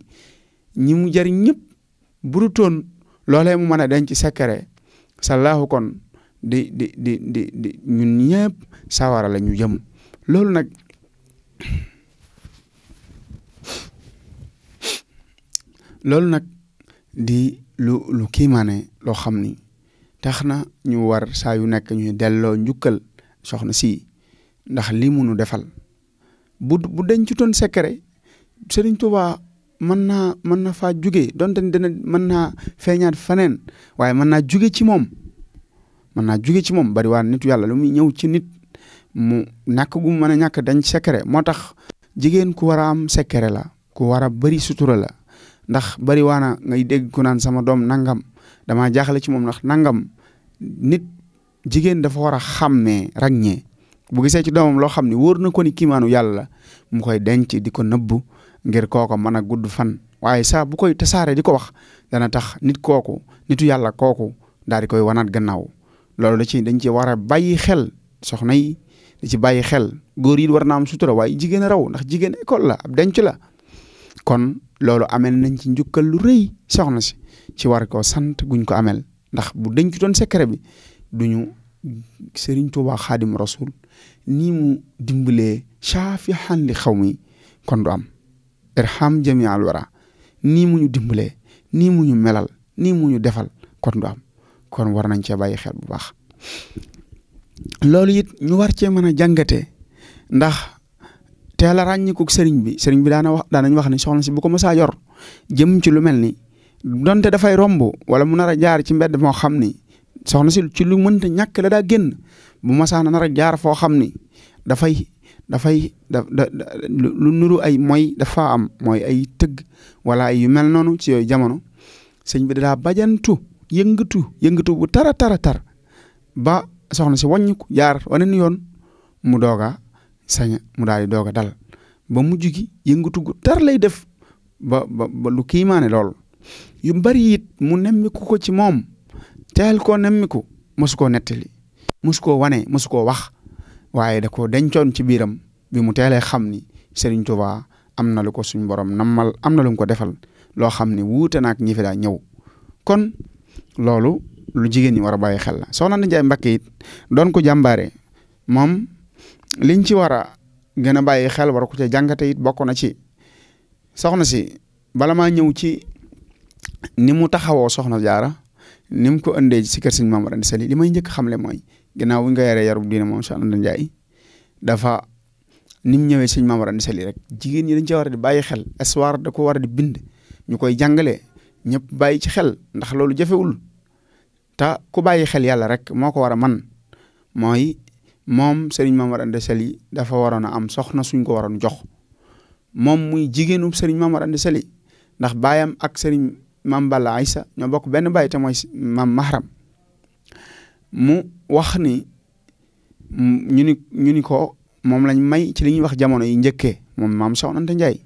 ñi mu jëriñ ñëpp burutoon loolee mu mën a denc secret sallahu kon di di di di di ñun ñëpp sawara la ñu jëm loolu nag loolu nag di lu lu kiimaane loo xam ni tax na ñu war saa yu nekk ñuy delloo njukkal soxna si ndax li mu nu defal bu bu dencutoon secret Serigne Touba mën naa mën na faa jugee donte ne dina mën naa feeñaat faneen waaye mën naa juge ci moom mën naa juge ci moom bari waa nitu yàlla lu muy ñëw ci nit mu ñàkk gu mu mën a ñàkk dañ secret moo tax jigéen ku war a am sekere la ku war a bëri sutura la ndax bari waana ngay dégg ku naan sama doom nangam damaa jaaxle ci moom ndax nangam nit jigéen dafa war a xàmmee ràññee bu gisee ci doomam loo xam ne wóor na ko ni kiimaanu yàlla la mu koy denc di ko nëbbu ngir kooko mën a gudd fan waaye saa bu koy tasaare di ko wax dana tax nit kooku nitu yàlla kooku daal di koy wanaat gannaaw loolu la ci dañ ci war a bàyyi xel soxna yi da ci bàyyi xel góor yi war na am sutura waaye jigéen a raw ndax jigéen école la ab denc la kon loolu amel nañ ci njukkal lu rëy soxna si ci war koo sant guñ ko amel ndax bu denc doon secret bi duñu Serigne Touba Xaadim Rasul nii mu dimbalee shaafihan li xaw mi kon du am irham jami al wara nii mu ñu dimbalee nii mu ñu melal nii mu ñu defal kon du am kon war nañ cee bàyyi xel bu baax loolu it ñu war cee mën a jàngatee ndax teel a ràññikuk sëriñ bi sëriñ bi daan wax daanañ wax ne soxna si bu ko mësaa yor donte dafay romb wala mu nar a jaar ci mbedd moo xam ni soxna si ci lu mënta ñàkk la daa génn bu masaana nar a jaar foo xam ni dafay dafay da da nuru ay mooy dafa am mooy ay tëgg wala ay yu mel noonu ci yooyu jamono sëñ bi daa bajantu yëngatu yëngatu bu tara tara tar ba soxna si wàññiku jaar waneen yoon mu dooga sañ mu daal di doog a dal ba mujj gi yëngatu tar lay def ba ba lu kiimaane lool yu bari it mu nemmiku ko ci moom teel ko nemmiku mosu koo nettali mosu koo wane mosu koo wax waaye da koo dencoon ci biiram bi mu teelee xam ni Serigne Touba am na lu ko suñ borom nammal am na lu ko defal loo xam ne wuute na ak daa ñëw kon loolu lu jigéen ñi war a bàyyi xel la soxna Ndiaye Mbacke it doon ko jàmbaare moom liñ ci war a gën a bàyyi xel war ko ca jàngate it bokk na ci soxna si bala maa ñëw ci ni mu taxawoo soxna jaara ni mu ko indee si kër sëñ Maam Mor Anta Sali li may njëkk xamle mooy ginnaaw bu ko yaree yarub diine moom dafa ni ñëwee sëñ Maam Mor Anta Sali rek jigéen ñi dañ ci war di bàyyi xel histoire da ko war di bind ñu koy jàngalee ñëpp bàyyi ci xel ndax loolu jafewul ta ku bàyyi xel yàlla rek moo ko war a man mooy moom Serigne Maam Mor Anta Sali dafa waroon a am soxna suñ ko waroon jox moom muy jigéenu Serigne Maam Mor Sali ndax baayam ak Serigne maam Balla Aïssa ñoo bokk benn baay te mooy maam Mahram mu wax ni ñu ni ñu ni ko moom lañ may ci li ñuy wax jamono yi njëkkee moom maam Soxna Anta Njaay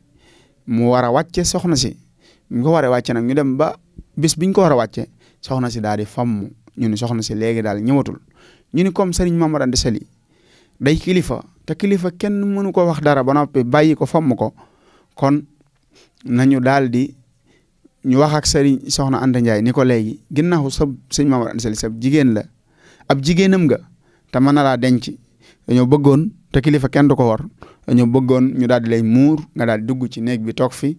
mu war a wàcce soxna si ñu ko war a wàcce nag ñu dem ba bis biñ ko war a wàcce soxna si daal di famm ñu ni soxna si léegi daal ñëwatul ñu ni comme sëriñ Mamadou Anta Sali day kilifa te kilifa kenn mënu ko wax dara ba noppi bàyyi ko famm ko kon nañu daal di ñu wax ak sëriñ soxna Anta Ndiaye ni ko léegi ginnaaw sab sëñ Mamadou Anta Sali sab jigéen la ab jigéenam nga te mën na laa denc dañoo bëggoon te kilifa kenn du ko war dañoo bëggoon ñu daal di lay muur nga daal di dugg ci néeg bi toog fi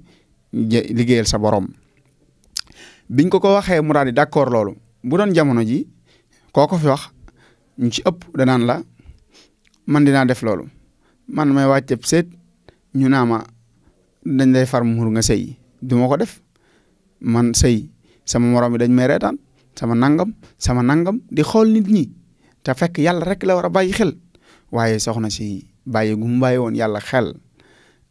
liggéeyal sa boroom biñ ko ko waxee mu daal di d'accord loolu bu doon jamono ji koo ko fi wax ñu ci ëpp danaan la man dinaa def loolu man may wàcceeb seet ñu naa ma dañ lay far muur nga sëy du ma ko def. man sëy sama morom bi dañ may reetaan sama nangam sama nangam di xool nit ñi te fekk yàlla rek la war a bàyyi xel waaye soxna si bàyyi gu mu bàyyi woon yàlla xel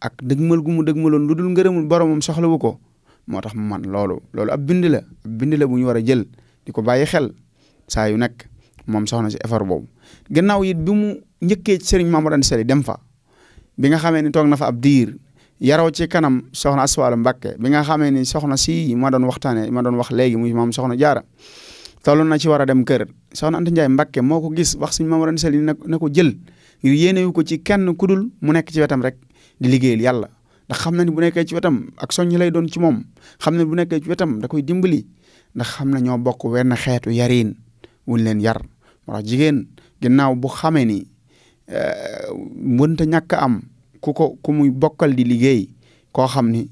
ak dëgmal gu mu dëgmaloon lu dul ngërëmul soxla wu ko moo tax mu man loolu loolu ab bind la ab la bu ñu war a jël di ko bàyyi xel saa yu nekk moom soxna si effort boobu. gannaaw it bi mu njëkkee ci Serigne Mamadou Anta Sali dem fa bi nga xamee ni toog na fa ab diir yaroo ci kanam soxna aswaalu Mbàkke bi nga xamee ni soxna si ma doon waxtaanee ma doon wax léegi muy maam soxna jaara toll na ci war a dem kër soxna Anta Ndiaye Mbàkke moo ko gis wax suñ maam ren sel na ko jël ngir yéenewu ko ci kenn kudul mu nekk ci wetam rek di liggéeyal yàlla ndax xam na ni bu nekkee ci wetam ak soññ lay doon ci moom xam na bu nekkee ci wetam da koy dimbali ndax xam na ñoo bokk wenn xeetu yariin wuñ leen yar moo tax jigéen ginnaaw bu xamee ni eh, mënta ñàkk am ku ko ku muy bokkal di liggéey koo xam ni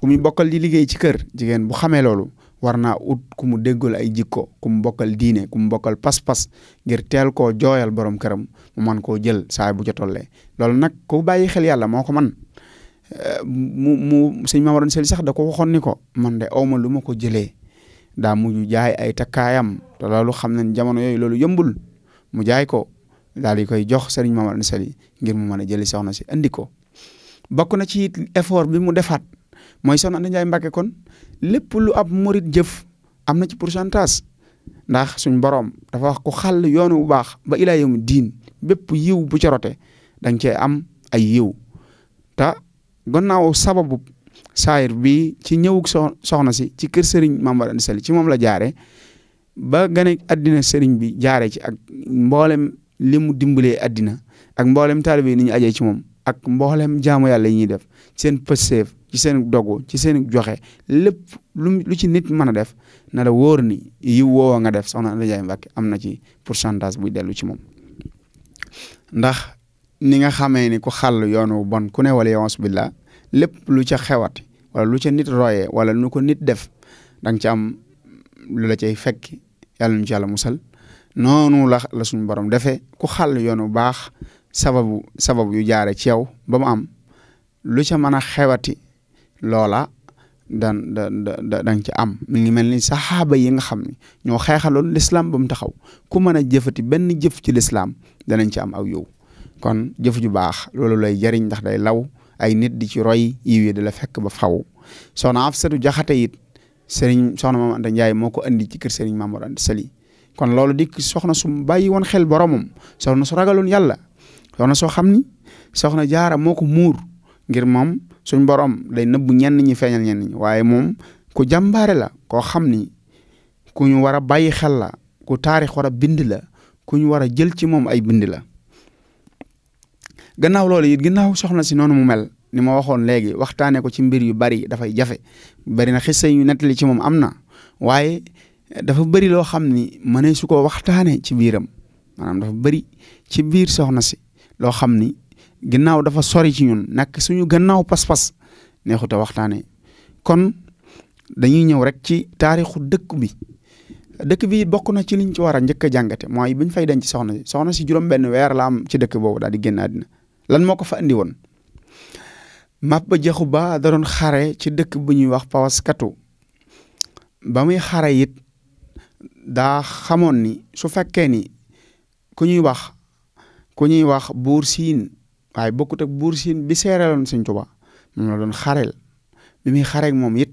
ku muy bokkal di liggéey ci kër jigéen bu xamee loolu war naa ut ku mu déggal ay jikko ku mu bokkal diine ku mu bokkal pas-pas ngir teel koo jooyal borom këram mu man koo jël saay bu ca tollee loolu nag ku bàyyi xel yàlla moo ko man mu mu sëñ ma waroon seli sax da ko waxoon ni ko man de awma lu ma ko jëlee daa mujj jaay ay takkaayam te loolu xam nañ jamono yooyu loolu yëmbul mu jaay ko daal koy jox sëriñ Mamadou Anta Sali ngir mu mën a jëli soxna si andi ko bokk na ci effort bi mu defaat mooy soxna Anta Ndiaye Mbacke kon lépp lu ab murit jëf am na ci pourcentage ndax suñ borom dafa wax ko xàll yoonu bu baax ba ilaa yawmi diin bépp yiw bu ci rote da cee am ay yiw te gannaaw sababu saayir bi ci ñëwug soxna si ci kër sëriñ Mamadou Anta Sali ci moom la jaare ba gane addina sëriñ bi jaare ci ak mboolem li mu dimbalee addina ak mboolem taalibe yi ni ñu ajee ci moom ak mboolem jaamu yàlla yi ñuy def ci seen pësteef ci seen dogu ci seen joxe lépp lu lu ci nit mën a def na la wóor ni yiw woowa nga def soxna Anta Ndiaye Mbacke am na ci pourcentage buy dellu ci moom. ndax ni nga xamee ni ku xàll yoonu bon ku ne wala yawans billah lépp lu ca xewat wala lu ca nit royee wala nu ko nit def danga ci am lu la cay fekk yàlla nu ci yàlla noonu la la suñu borom defee ku xàll yoon bu baax sababu sababu yu jaare ci yow ba mu am lu ca mën a xewati loola dan da da ci am mi ngi mel ni saxaaba yi nga xam ne ñoo xeexaloon lislaam ba mu taxaw ku mën a jëfati benn jëf ci lislaam danañ ci am aw yow kon jëf ju baax loolu lay jariñ ndax day law ay nit di ci roy yiw yi di la fekk ba faw soxna Afsatu Jaxate it sëriñ soxna Maam Anta Njaay moo ko andi ci kër sëriñ Maam Mor Anta Sali kon loolu dikk soxna su bàyyi woon xel boromam soxna su ragaloon yàlla soxna soo xam ni soxna jaara moo ko muur ngir moom suñ borom day nëbbu ñenn ñi feeñal ñenn ñi waaye moom ku jàmbaare la koo xam ni ku ñu war a bàyyi xel la ku taarix war a bind la ku ñu war a jël ci moom ay bind la. gannaaw loolu it gannaaw soxna si noonu mu mel ni ma waxoon léegi waxtaanee ko ci mbir yu bari dafay jafe bari na xisa yu nettali ci moom am na waaye dafa bëri loo xam ni mënee su ko waxtaanee ci biiram maanaam dafa bari ci biir soxna si loo xam ni ginnaaw dafa sori ci ñun nak suñu gannaaw pas-pas neexut a waxtaanee kon dañuy ñëw rek ci taarixu dëkk bi dëkk bi bokk na ci liñ ci war a njëkk a jàngate mooy biñ fay denc soxna soxna si juróom-benn weer la am ci dëkk boobu daal di génn àddina lan moo ko fa andi woon Maba Jaxu Ba da xare ci dëkk bu ñuy wax Pawaskatu ba muy xare it daa xamoon ni su fekkee ni ku ñuy wax ku ñuy wax buur siin waaye bokkut buur siin bi seereeloon Sëñ Tuubaa moom la doon xareel bi muy xareek moom it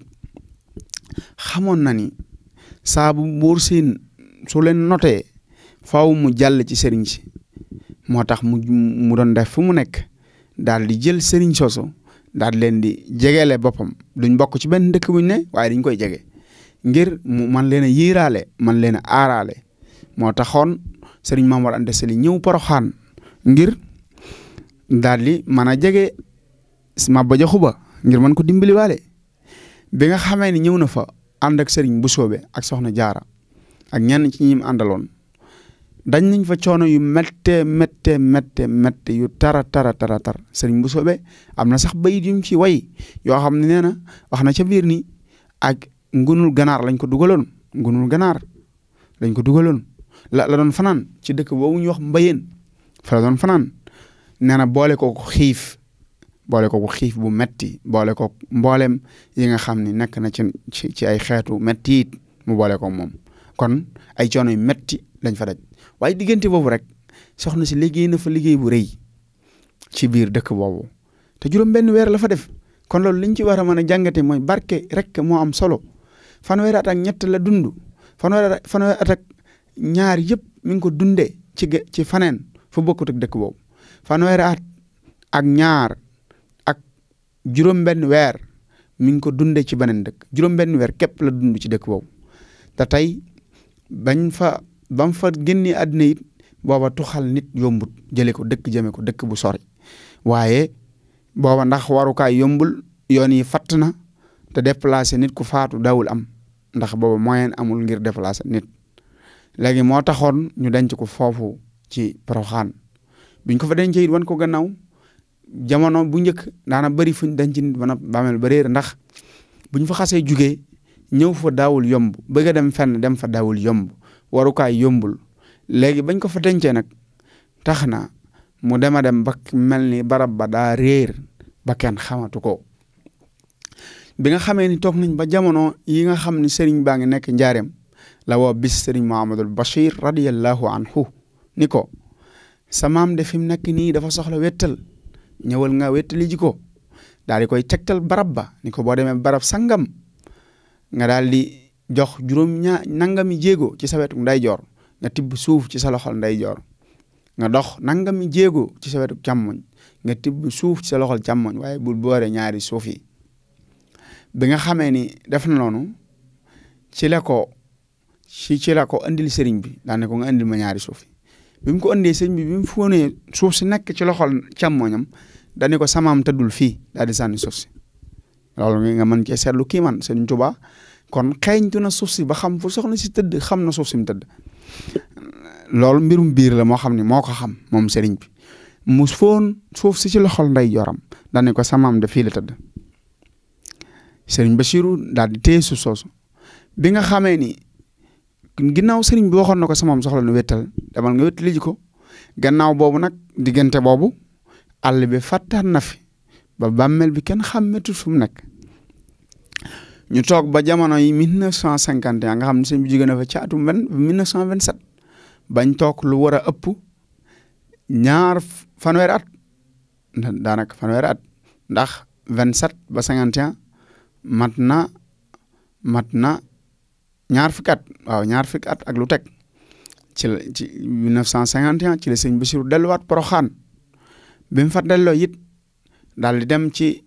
xamoon na ni saa bu buur siin su leen notee faaw mu jàll ci sëriñ si moo tax mu mu doon def fu mu nekk daal di jël sëriñ soso daal leen di jegeele boppam duñ bokk ci benn dëkk buñ ne waaye dañ koy jege ngir mu man leen a yiiraale man leen a aaraale moo taxoon sëriñ Maam Mor Anta Sali ñëw Poroxaan ngir daal di mën a jege Maba Jaxu Ba ngir mën ko dimbaliwaale bi nga xamee ni ñëw na fa ànd ak sëriñ bu soobe ak soxna jaara ak ñenn ci ñim àndaloon dañ nañ fa coono yu métte métte métte métte yu tara tara tara tar sëriñ bu soobe am na sax bayit yum ci way yoo xam ne nee na wax na ca biir ni ak ngunul ganaar lañ ko dugaloon ngunul ganaar lañ ko dugaloon la la fanaan ci dëkk boobu ñu wax mbayeen fa la fanaan nee boole ko xiif boole ko xiif bu metti boole ko mbooleem yi nga xam ni nekk na ci ci ay xeetu metti mu boole ko moom kon ay coono yu metti lañ fa daj waaye diggante boobu rek soxna si liggéey na fa liggéey bu rëy ci biir dëkk boobu te juróom benn weer la fa def kon loolu liñ ci war a mën a jàngate mooy barke rek moo am solo fanweeri at ak ñett la dund fanweeri fanweeri at ak ñaar yëpp mi ngi ko dunde ci faneen fu bokkut ak dëkk boobu fanweeri at ak ñaar ak juróom-benn weer mi ngi ko dundee ci beneen dëkk juróom-benn weer képp la dund ci dëkk boobu te tey bañ fa bam fa génnee àddina it booba tuxal nit yombut jëlee ko dëkk jëmee ko dëkk bu sori waaye booba ndax warukaay yombul yoon yi fatt na te déplacé nit ku faatu dawul am ndax boobu moyen amul ngir déplacer nit léegi moo taxoon ñu denc ko foofu ci Porokhane biñ ko fa dencee it wan ko gannaaw jamono bu njëkk daana bëri fuñ denc nit ba bàmmeel ba réer ndax buñ fa xasee jugee ñëw fa daawul yomb bëgg a dem fenn dem fa daawul yomb warukaay yombul léegi bañ ko fa dencee nag tax na mu dem a dem ba mel ni barab ba daa réer ba kenn xamatu ko bi nga xamee ni toog nañ ba jamono yi nga xam ni sëriñ baa ngi nekk njaareem la woo bis sëriñ Muhammadul Bachir radiyallahu anhu ni ko sa maam de fi mu nii dafa soxla wettal ñëwal nga wettali ji ko daal di koy tegtal barab ba ni ko boo demee barab sangam nga daal di jox juróom ña nangami jéego ci sa wetu ndeyjoor nga tibb suuf ci sa loxol ndeyjoor nga dox nangami jéego ci sa wetu càmmoñ nga tibb suuf ci sa loxol càmmoñ waaye bul boore ñaari suuf yi bi nga xamee ni def na noonu ci la ko ci ci la ko andil sëriñ bi daane ko nga andil ma ñaari suuf bi nga ko andee sëriñ bi bi suuf si nekk ci loxol càmmoñam daane ko samaam tëddul fii daal di sànni si loolu nga mën cee seetlu kii man sëriñ Tuubaa kon xeeñtu na suuf si ba xam fu soxna si tëdd xam na suuf si mu tëdd loolu mbirum biir la moo xam ne moo ko xam moom sëriñ bi mu foon suuf si si loxol ndey joram daane ko samaam de fii la tëdd sëriñ Bachirou daal di téye suuf soosu bi nga xamee ni ginnaaw sëriñ bi waxoon na ko sama soxla nu wettal demal nga wettali ji ko gannaaw boobu nag diggante boobu àll bi fàttaan na fi ba bàmmeel bi kenn xàmmetul fu mu nekk. ñu toog ba jamono yi 1951 nga xam ne sëriñ bi jóge na fa caatu vint 1927 bañ toog lu war a ëpp ñaar fanweeri at daanaka fanweeri at ndax 27 ba 51. mat na mat na ñaar fukki at waaw ñaar fukki at ak lu teg ci la ci 1951 ci la sëñ Bassirou delluwaat Porokhane bi mu fa delloo it daal di dem ci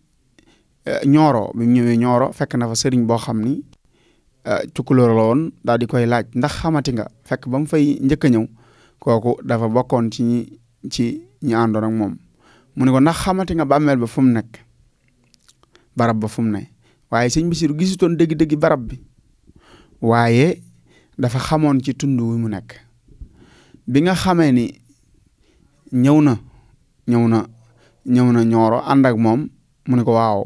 ñooro eh, bi mu ñëwee ñooro fekk na fa sëriñ boo xam ni eh, tukkulóor la woon daal di koy laaj ndax xamati nga fekk ba mu fay njëkk a ñëw kooku dafa bokkoon ci ñi ci ñi moom mu ne ko ndax xamati nga bàmmeel ba fu mu nekk barab ba fu mu ne waaye sëñ Basiru gisutoon dëgg-dëgg barab bi waaye dafa xamoon ci tund wi mu nekk bi nga xamee ni ñëw na ñëw na ñëw na ñooro ànd moom mu ne ko waaw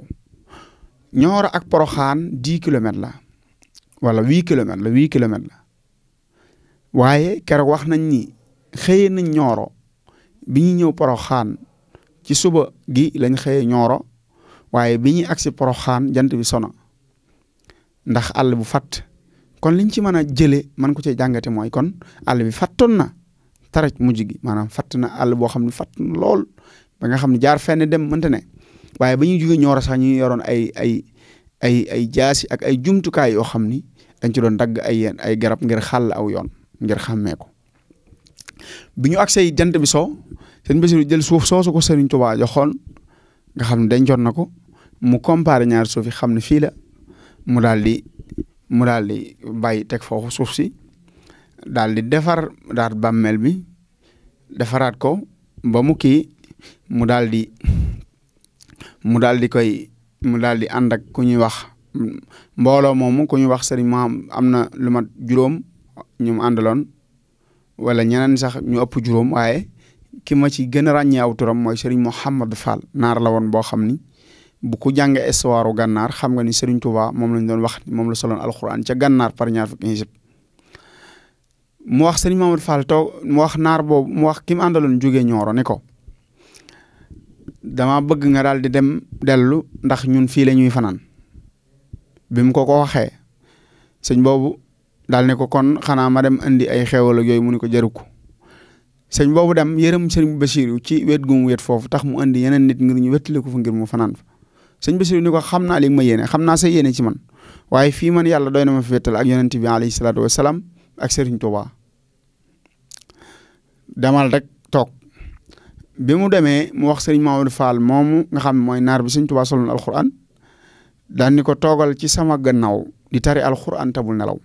ñooro ak poroxaan dix kilomètres la wala huit kilomètres la huit kilomètres la waaye keroog wax nañ ni xëye nañ ñooro bi ñëw poroxaan ci suba gi lañ xëye ñooro waaye bi ñuy agsi poroxaan jant bi sono ndax àll bu fatt kon liñ ci mën a jëlee man ko cee jàngate mooy kon àll bi fattoon na taraj mujj gi maanaam fatt na àll boo xam ne fatt lool ba nga xam ne jaar fenn dem mënta ne waaye ba ñuy jógee ñooro sax ñu yoroon ay ay ay ay jaasi ak ay jumtukaay yoo xam ni dañ ci doon dagg ay ay garab ngir xàll aw yoon ngir xàmmee ko bi ñu agsee jant bi soo seen Basiru jël suuf soosu ko Sëriñ Tuubaa joxoon nga xam ne dencoon na ko mu comparé ñaari suuf xam ne fii la mu daal di mu daal di bàyyi teg foofu suuf si daal di defar daat bàmmeel bi defaraat ko ba mu kii mu daal di mu daal di koy mu daal di ànd ku ñuy wax mbooloo moomu ku ñu wax sëriñ maam am na lu mat juróom ñu mu àndaloon wala ñeneen sax ñu ëpp juróom waaye ki ma ci gën a ràññee aw turam mooy sëriñ Mouhamadou Fall naar la woon boo xam ni bu ku jàng histoire gànnaar xam nga ni Serigne Touba moom lañ doon wax moom la soloon alxuraan ca gànnaar par ñaar fukki hizb mu wax Serigne Mamadou Fall toog mu wax naar boobu mu wax kim mu àndaloon jógee Nioro ni ko dama bëgg nga daal di dem dellu ndax ñun fii la ñuy fanaan bi ko ko waxee sëñ boobu daal ne ko kon xanaa ma dem andi ay xéwal ak mu ni ko jaruko sëñ boobu dem yërëm sëriñ Bachir ci wet gu mu wet foofu tax mu andi yeneen nit ngir ñu wettali ko ngir fanaan sëñ Basiru ni ko xam naa li ma yéene xam na sa yéene ci man waaye fii man yàlla doy na ma fi wéttal ak yonent bi alayhi salaatu wasalaam ak Serigne Touba demal rek toog bi mu demee mu wax Serigne Mamadou Fall moomu nga xam mooy naar bi Serigne Touba soloon alquran daan ni ko toogal ci sama gannaaw di tari alquran tabul nelaw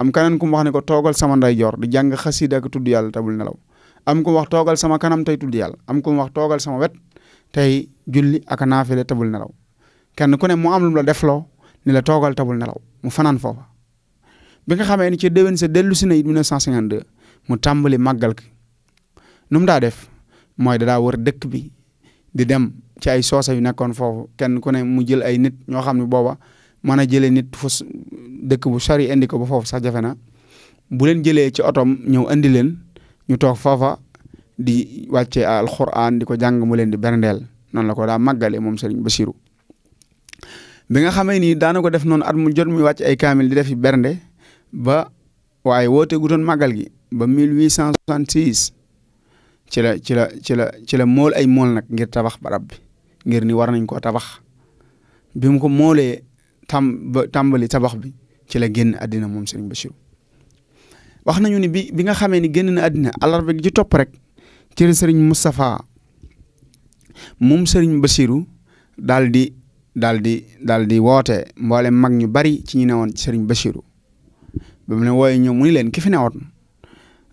am keneen ku mu wax ni ko toogal sama ndeyjoor di jàng xasida ak tudd yàlla tabul nelaw am ku mu wax toogal sama kanam tey tudd am ku mu wax toogal sama wet tey julli ak naafile tabul nelaw kenn ku ne mu am lu la defloo ni la toogal tabul nelaw mu fanaan foofa bi nga xamee ni ci déwén sa dellu si na it 1952 mu tàmbali màggal ki nu mu daa def mooy da daa wër dëkk bi di dem ci ay soosa yu nekkoon foofu kenn ku ne mu jël ay nit ñoo xam ne booba mën a jëlee nit fu dëkk bu sori indi ko ba foofu sax jafe na bu leen jëlee ci otoom ñëw indi leen ñu toog foofa di wàcce alxuraan di ko jàng mu leen di berndeel noonu la ko daa màggale moom Serigne Bassirou bi nga xamee ni daana ko def noonu at mu jot muy wàcc ay kaamil di def fi bernde ba waaye woote gu doon màggal gi ba 1866 ci la ci la ci la ci la mool ay mool nag ngir tabax ba bi ngir ni war nañ koo tabax bi mu ko moolee tam ba tàmbali tabax bi ci la génn àddina moom Serigne Bassirou wax nañu ni bi nga xamee ni génn na àddina àllarba gi ci topp rek. ci la sëriñ Moustapha moom sëriñ Bassirou daal di dal di daal woote mboole mag ñu bari ci ñu ne woon sëriñ Bassirou ba mu ne woye ñoom mu ni leen ki fi ne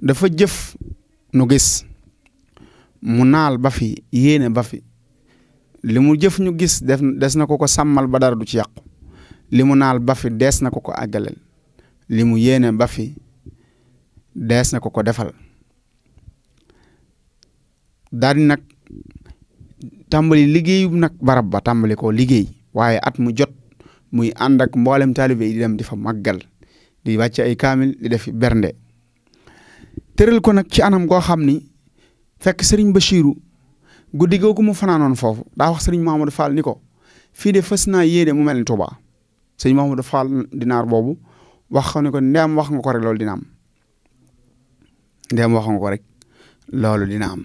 dafa jëf nu gis mu naal ba fi yéene ba li mu jëf ñu gis def des na ko ko sàmmal ba dara du ci yàqu li mu naal bafi fi dees na ko ko àggaleel li mu yéene ba fi dees na ko ko defal daal di nag tàmbali liggéeyu nag barab ba tàmbali ko liggéey waaye at mu jot muy ànd ak mboolem taalibe yi di dem di fa màggal di wàcc ay kaamil di def bernde tëral ko nag ci anam goo xam ni fekk sëriñ Bachirou guddi googu mu fanaanoon foofu daa wax sëriñ Mamadou Fall ni ko fii de fës naa yéene mu mel ni Touba sëriñ Mamadou Fall dinaar boobu wax ko ni ko ndem wax nga ko rek loolu dina am ndem wax nga ko rek loolu dina am.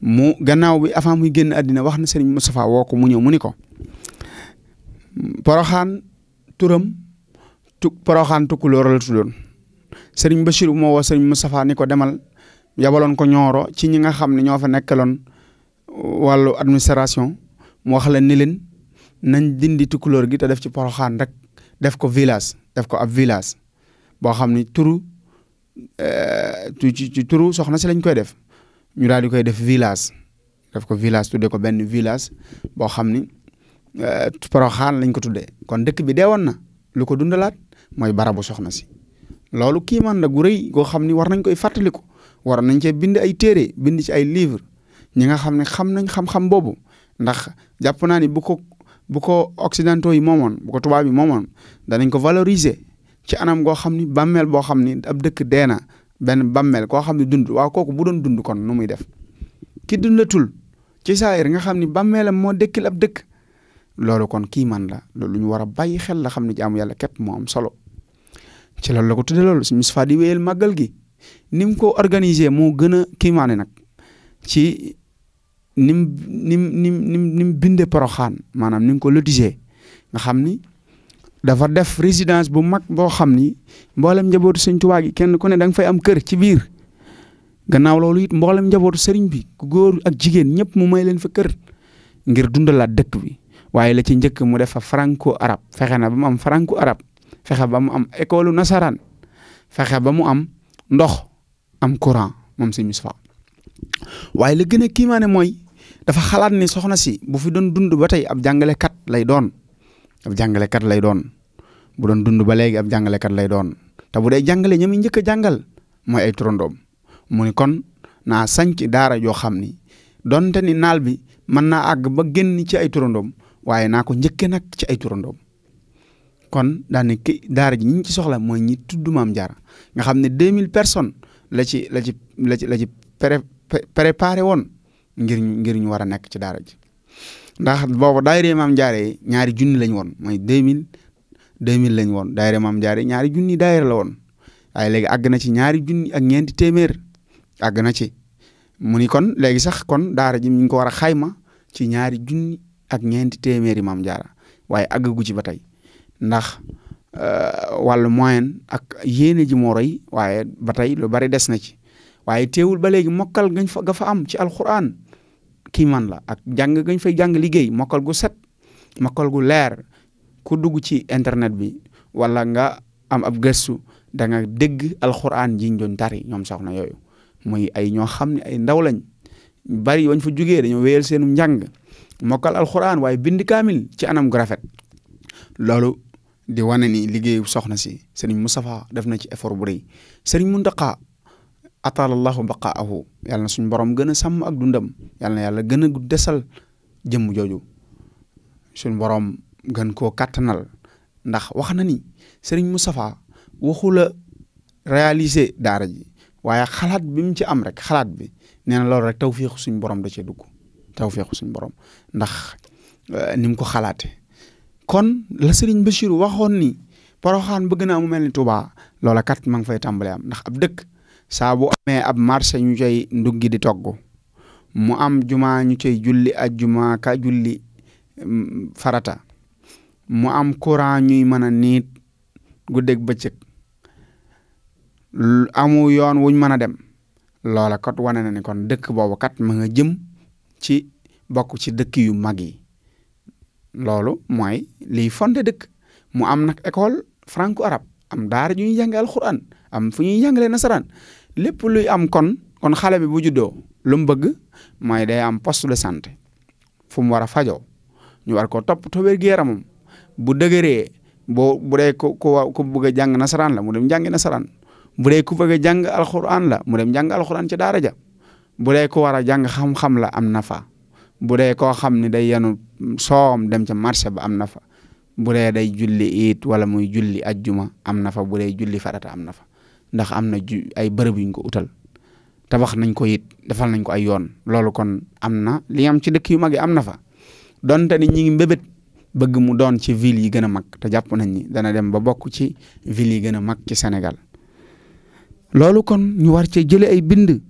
mu gannaaw bi avant muy génn àddina wax na sëriñ Moustapha woo ko mu ñëw mu ni ko poroxaan turam tu poroxaan tukkuloor la tuddoon sëriñ Bachir moo woo sëriñ Moustapha ni ko demal yabaloon ko ñooro ci ñi nga xam ne ñoo fa nekkaloon uh, wàllu administration mu wax la ni leen nañ dindi tukkuloor gi te def ci poroxaan rek def ko village def ko ab village boo xam ni turu eh, ci turu soxna si lañ koy def ñu daal di koy def village def ko village tuddee ko benn village boo xam ni euh, Porokhane lañ ko tuddee kon dëkk bi deewoon na lu ko dundalaat mooy barabu soxna si loolu kii man la rëy goo xam ni war nañ koy fàttaliku war nañ cee bind ay téere bind ci ay livre ñi nga xam ne xam nañ xam-xam boobu ndax jàpp naa ni bu ko bu ko occidentaux yi moomoon bu ko tubaab yi moomoon danañ ko valoriser ci anam goo xam ni bàmmeel boo xam ni ab dëkk dee na benn bammel koo xam ne dund waaw kooku bu doon dund kon nu muy def ki dundatul ci saayir nga xam ni bammeelam moo dëkkil ab dëkk loolu kon kii man la loolu ñu war a bàyyi xel la xam ne jaamu yàlla képp moo am solo ci loolu la ko tudde loolu si suñu faa di wéyal màggal gi ni mu ko organiser moo gën a kii maane nag ci nim nim nim nim nim binde poroxaan maanaam ni mu ko lotisé nga xam ni dafa def résidence bu mag boo xam ni mboolem njabootu sëñ Tuubaa kenn ku ne da fay am kër ci biir gannaaw loolu it mboolem njabootu sëriñ bi ku góor ak jigéen ñëpp mu may leen fa kër ngir dundalaat dëkk bi waaye la ci njëkk mu def fa franco arab fexe na ba mu am franco arab fexe ba mu am école nasaraan fexe ba mu am ndox am courant moom sëñ Moustapha waaye la gën a kiimaane mooy dafa xalaat ni soxna si bu fi doon dund ba tey ab jàngalekat lay doon. ab jàngalekat lay doon bu doon dund ba léegi ab jàngalekat lay doon te bu dee jàngale ña muy njëkk a jàngal mooy ay turandoom mu kon naa sanc daara joo xam ni donte ni naal bi mën naa àgg ba génn ci ay turandoom waaye naa ko njëkkee nag ci ay turandoom kon daane ki daara ji ñi ci soxla mooy ñi tudd maam jaara nga xam ne 2000 personnes la ci la ci la ci la ci préparé woon ngir ngir ñu war a nekk ci daara ji ndax boobu daayira maam Ndiare ñaari junni lañ woon mooy deux mil deux mille lañ woon daayira maam Ndiare ñaari junni daayira la woon waaye léegi àgg na ci ñaari junni ak ñeenti téeméer àgg na ci mu ni kon léegi sax kon daara ji ñu ngi ko war a xayma ci ñaari junni ak ñeenti téeméeri maam Ndiara waaye àggagu ci ba tey ndax euh, wàllu moyen ak yéene ji moo waaye ba tey lu bari des na ci waaye teewul ba léegi mokkal ga fa am ci alxuraan. kii man la ak jàng gañ fay jàng liggéey mokkal gu set mokkal gu leer ku dugg ci internet bi wala nga am ab gëstu danga nga dégg alxuraan jiñ doon tari ñoom soxna yooyu muy ay ñoo xam ne ay ndaw lañ bari wañ fa jugee dañoo wéyal seenu njàng mokkal alxuraan waaye bind kaamil ci anam gu rafet loolu di wane ni liggéeyu soxna si sëriñ musafa def na ci effort bu rëy sëriñ Mountakha ataalallahu baqaahu yàlla na suñu borom gën a sàmm ak dundam yàlla na yàlla gën a desal jëmm jooju suñu borom gën koo kàttanal ndax wax na ni Serigne Moustapha waxu la réaliser daara ji xalaat bi mu ci am rek xalaat bi nee na loolu rek tawféexu suñu borom da cee dugg tawféexu suñ boroom ndax eh, ni mu ko xalaate kon la Serigne Bachir waxoon ni Poroxaan bëgg naa mu mel ni tuba loola kat ma ngi fay tàmbalee am ndax ab dëkk. saa bu amee ab marché ñu cay nduggi di togg mu am jumaa ñu cay julli ak juma ka julli mm, farata mu am courant ñuy mën a niit guddeeg bëccëg amu yoon wuñ mën a dem loola kat wane na ni kon dëkk boobu kat ma nga jëm ci bokk ci dëkk yu mag yi loolu mooy liy fonde dëkk mu am nag école franco arabe am daara ñuy jànge alxuraan am fu ñuy jàngalee nasaraan lépp luy am kon kon xale bi bu juddoo lu mu bëgg mooy day am poste de santé fu mu war a fajoo ñu war ko toppatoo wér gu yaramam bu dëgëree boo bu dee ku ku bëgg a jàng nasaraan la mu dem jàngi nasaraan bu dee ku bëgg a jàng alxuraan la mu dem jàng alxuraan ci daara bu dee ku war a jàng xam-xam la am na fa bu dee koo xam ne day yenu soom dem ca marché ba am na fa bu dee day julli iit wala muy julli ajjuma am na fa bu dee julli farata am na fa ndax am na ay bërëb yuñ ko utal tabax nañ ko it defal nañ ko ay yoon loolu kon am na li am ci dëkk yu mag yi am na fa donte ni ñi ngi mbébét bëgg mu doon ci ville yi gën a mag te jàpp nañ ni dana dem ba bokk ci ville yi gën a mag ci senegal loolu kon ñu war cee jëlee ay bind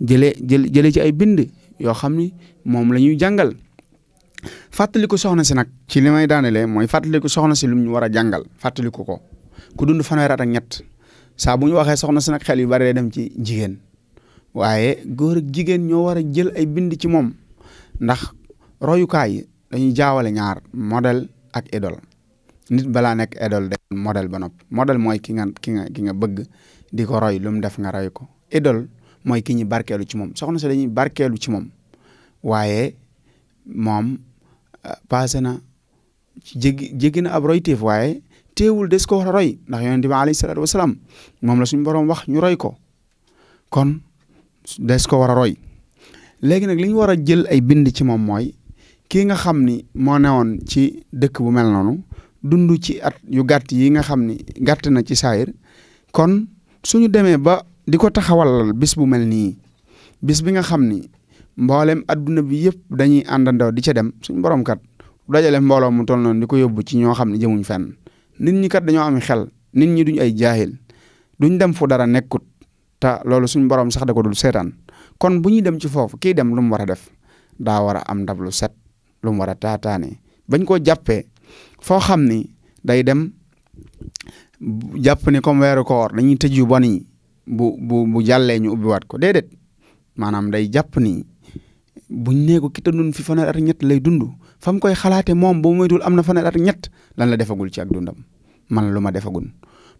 jëlee jël jëlee ci ay bind yoo xam ni moom la ñuy jàngal fàttaliku soxna si nag ci li may daanelee mooy fàttaliku soxna si lu ñu war a jàngal fàttaliku ko ku dund fanweer at ak ñett saa bu ñu waxee soxna si nag xel yu bari dem ci jigéen waaye góor jigéen ñoo war a jël ay bind ci moom ndax royukaay yi dañuy jaawale ñaar model ak idole nit balaa nekk idole de modèle ba noppi modèle mooy ki nga ki nga ki nga bëgg di ko roy lu mu def nga roy ko idole mooy ki ñi barkeelu ci moom soxna si dañuy barkeelu ci moom waaye moom euh, passé na jéggi jéggi na ab royteef waaye teewul des ko war a roy ndax yonent bi alayhi salaatu wasalaam moom la suñu borom wax ñu roy ko kon des ko war a roy léegi nag li war a jël ay bind ci moom mooy kii nga xam ni moo woon ci dëkk bu mel noonu dund ci at yu gàtt yi nga xam ni gàtt na ci saayir kon suñu demee ba di ko taxawal bis bu mel nii bis bi nga xam ni mboolem adduna bi yëpp dañuy àndandoo di ca dem suñu borom kat dajale mbooloo mu toll noonu di ko yóbbu ci ñoo xam ne jëmuñ fenn. nit ñi kat dañoo am xel nit ñi duñ ay jaahil duñ dem fu dara nekkut te loolu suñu borom sax da ko dul seetaan kon bu ñuy dem ci foofu kii dem lu mu war a def daa war a am ndab lu set lum mu war a taataane bañ ko jàppee foo xam ni day dem jàpp ni kom weeru koor dañuy tëj yu bon yi bu bu bu jàllee ñu ubbiwaat ko déedéet maanaam day jàpp ni buñ nee ko ki fi fanweeri at ñett lay dund fa koy xalaatee moom boo moytul am na fanweeri at ñett lan la defagul ci ak dundam man lu ma defagul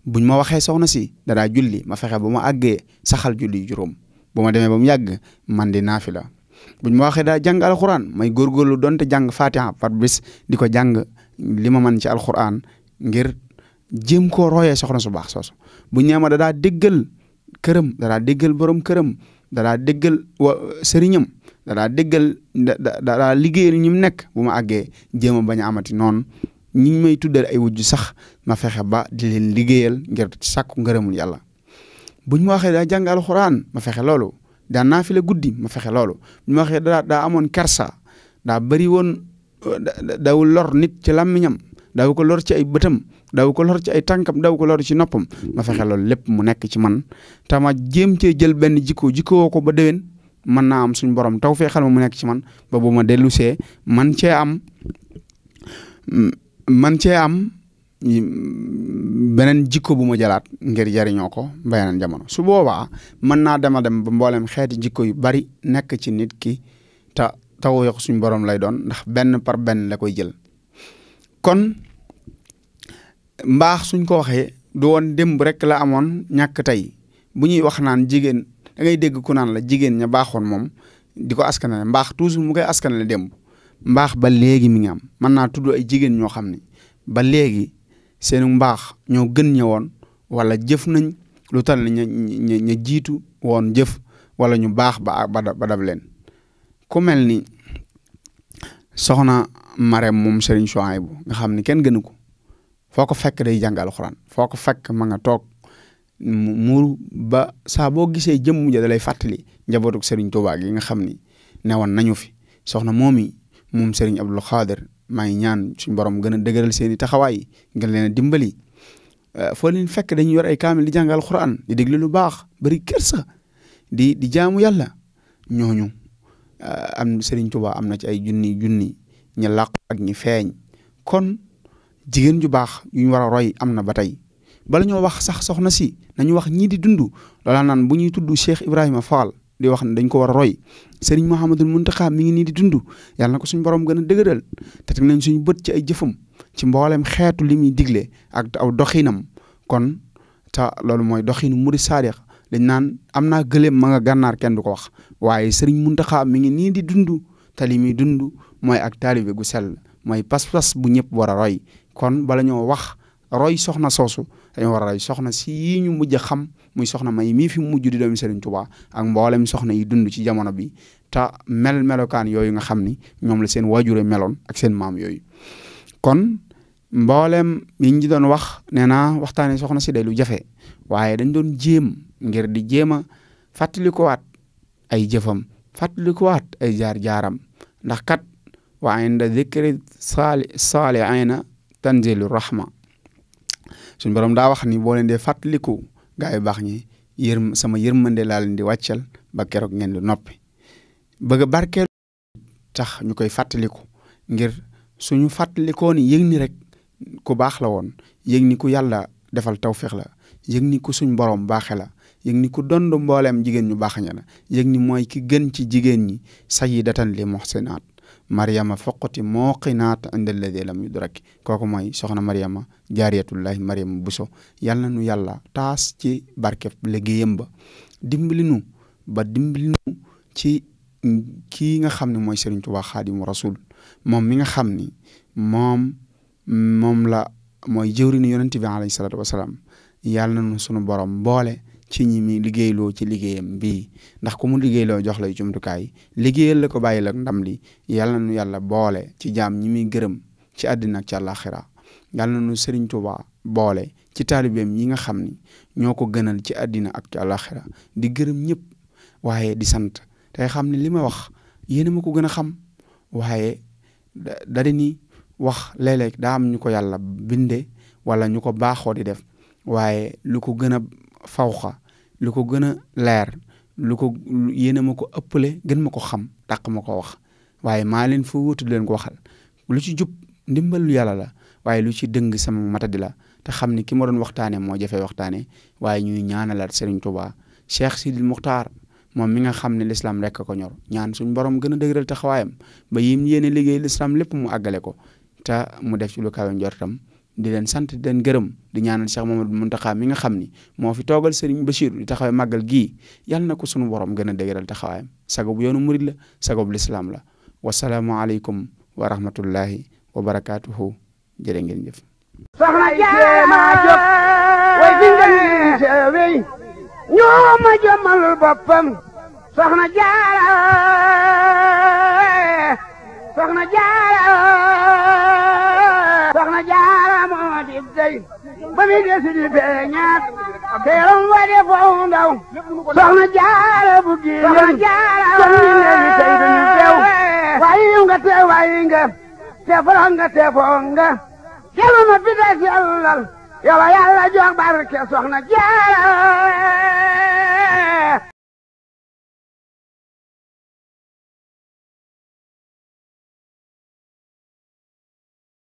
buñ ma waxee soxna si dadaa julli ma fexe ba ma àggee saxal julli juróom bu ma demee ba mu yàgg man di naafila buñ ma waxee daa jàng alxuraan may góorgóorlu donte jàng fatiha par bis di ko jàng li ma mën ci alxuraan ngir jéem koo royee soxna su baax soosu buñ nee ma dadaa déggal këram dadaa déggal borom këram dadaa déggal wa sëriñam danaa déggal da danaa liggéeyal ñi mu nekk bu ma àggee jéem a bañ a amati noonu ñi may tuddal ay wujj sax ma fexe ba di leen liggéeyal ngir sàkku ngërëmul yàlla buñ ma waxee daa jàng alxuraan ma fexe loolu daa naafila guddi ma fexe loolu buñ ma waxee daa daa amoon kersa daa bëri woon daaw lor nit ci làmmiñam daaw ko lor ci ay bëtam daaw ko lor ci ay tànkam daaw ko lor ci noppam ma fexe loolu lépp mu nekk ci man tama jéem cee jël benn jikko jikkoo ko ba déwén mën naa am suñu borom taw fee xel mu nekk ci man ba bu ma dellu man cee am man cee am beneen jikko bu ma jëlaat ngir jariñoo ko beneen jamono su boobaa mën naa dema dem ba mboolem xeeti jikko yu bari nekk ci nit ki te taw yox suñu borom lay doon ndax benn par benn la koy jël kon mbaax suñ ko waxee doon woon démb rek la amoon ñàkk tey bu ñuy wax naan jigéen da dégg ku naan la jigéen ña baaxoon moom di ko askanale mbaax toujours mu koy askanale démb mbaax ba léegi mi ngi am mën naa tudd ay jigéen ñoo xam ne ba léegi seen mbaax ñoo gën ña woon wala jëf nañ lu tal ne jiitu woon jëf wala ñu baax ba ba dab leen ku ni soxna Marème moom Serigne Souhaïbou nga xam ne kenn gënu ko foo ko fekk day jàng alxuraan foo ko fekk ma nga toog mu ba saa boo gisee jëmm ja da lay fàttali njabootuk Serigne Touba gi nga xam ni newoon nañu fi soxna moom yi moom Serigne Abdoul Khader maa ngi ñaan suñu borom gën a dëgëral seen i taxawaay gën leen a dimbali. Euh, foo leen fekk dañuy yor ay kaamil di jàngal Alxuraan di lu baax bari kersa di di jaamu yàlla ñooñu euh, am Serigne Touba am na ci ay junni junni ñi làqu ak ñi feeñ kon jigéen ju baax yu ñu war a roy am na ba tey. bala ñoo wax sax soxna si nañu wax ñii di dund loola naan bu ñuy tudd Cheikh Ibrahima Fall di wax ne dañ ko war a roy Serigne Mouhamadul Mountakha mi ngi nii di dund yàlla na ko suñu borom gën a dëgëral te teg nañ suñu bët ci ay jëfam ci mboolem xeetu li muy digle ak aw doxinam kon ta loolu mooy doxinu murid saadiq dañ naan am naa gëléem ma nga gànnaar kenn du ko wax waaye Serigne Mountakha mi ngi nii di dund te li muy dund mooy ak taalibe gu sel mooy pas-pas bu ñëpp war a roy kon bala ñoo wax roy soxna soosu. dañoo war a soxna si yii ñu mujj a xam muy soxna may mii fi mujj di doomi Serigne Touba ak mboolem soxna yi dund ci jamono bi te mel melokaan yooyu nga xam ni ñoom la seen waajure meloon ak seen maam yooyu. kon mboolem yi ñu doon wax nee naa waxtaanee soxna si day lu jafe waaye dañ doon jéem ngir di jéem a fàttalikuwaat ay jëfam fàttalikuwaat ay jaar-jaaram ndax kat wa inda dikri saali saalihiina tanzilu rahma suñu borom daa wax ni boo leen dee fàttaliku gaa yu baax ñi yërm sama yërmande laa di wàccal ba keroog ngeen di noppi bëgg a barkeelu tax ñu koy fàttaliku ngir suñu fàttalikoo ni yëg rek ku baax la woon yëg ni ku yàlla defal tawféex la yëg ni ku suñ borom baaxe la yëg ni ku dond mbooleem jigéen ñu baax ña la yëg ni mooy ki gën ci jigéen ñi sayidatan li muhsinaat mariama foqati mooqinaata inda alladi lam yudrak kooku mooy soxna mariama jaariyatullahi mariama buso yàlla nu yàlla taas ci barkeb liggéeyam ba dimbali nu ba dimbali nu ci kii nga xam ne mooy sëriñ Tuubaa xaadimu rasul moom mi nga xam ni moom moom la mooy jëwriñu yonent bi alayhi salaatu wasalaam yàlla nu sunu borom boole ci ñi mi liggéeyloo ci liggéeyam bii ndax ku mu liggéeyloo jox lay jumtukaay liggéeyal la ko bàyyi la ndam li yàlla nu yàlla boole ci jam ñi muy gërëm ci àddina ak ci àllaaxira yàlla nu Sëriñ Tuubaa boole ci taalibeem yi nga xam ni ñoo ko gënal ci àddina ak ci àllaaxira di gërëm ñëpp waaye di sant tey xam ne li ma wax yéen a ma ko gën a xam waaye da di wax léeg daa am ñu ko yàlla binde wala ñu ko baaxoo di def waaye lu ko gën a fawxa lu ko gën a leer lu ko yéen a ma ko ëppale gën ma ko xam dàq ma ko wax waaye maa leen fa wuutu leen ko waxal lu ci jub ndimbalu yàlla la waaye lu ci dëng sama matadi la te xam ni ki ma doon waxtaanee moo jafee waxtaanee waaye ñuy ñaanalaat Serigne Touba Cheikh Sidil Muxtaar moom mi nga xam ne lislaam rekk ko ñor ñaan suñu borom gën a dëgëral taxawaayam ba yim yéene liggéey lislaam lépp mu àggale ko te mu def ci lu kawe njortam di leen sant den gërëm di ñaanal Cheikh Mamadou Mountakha mi nga xam ni moo fi toogal Serigne Bachir di taxawee màggal gii yàlla na ko sunu borom gën a dëgëral taxawaayam sagob yoonu murid la sagob lislaam la wasalaamualeykum wa rahmatullahi wa barakaatuhu jërë ngeen jëf. soxna Jaara jóg way fi ngeen seewey ñoo ma jëmal boppam soxna Jaara soxna Jaara fi desi di feeñaat te yaram wa de foofu ndaw soxna jaara bu gi soxna jaara soxna léegi tey duñu teew waayi nga te waayi nga te farax nga te foo nga kelu na fi des yàllal yàlla yàlla jox barke soxna jaara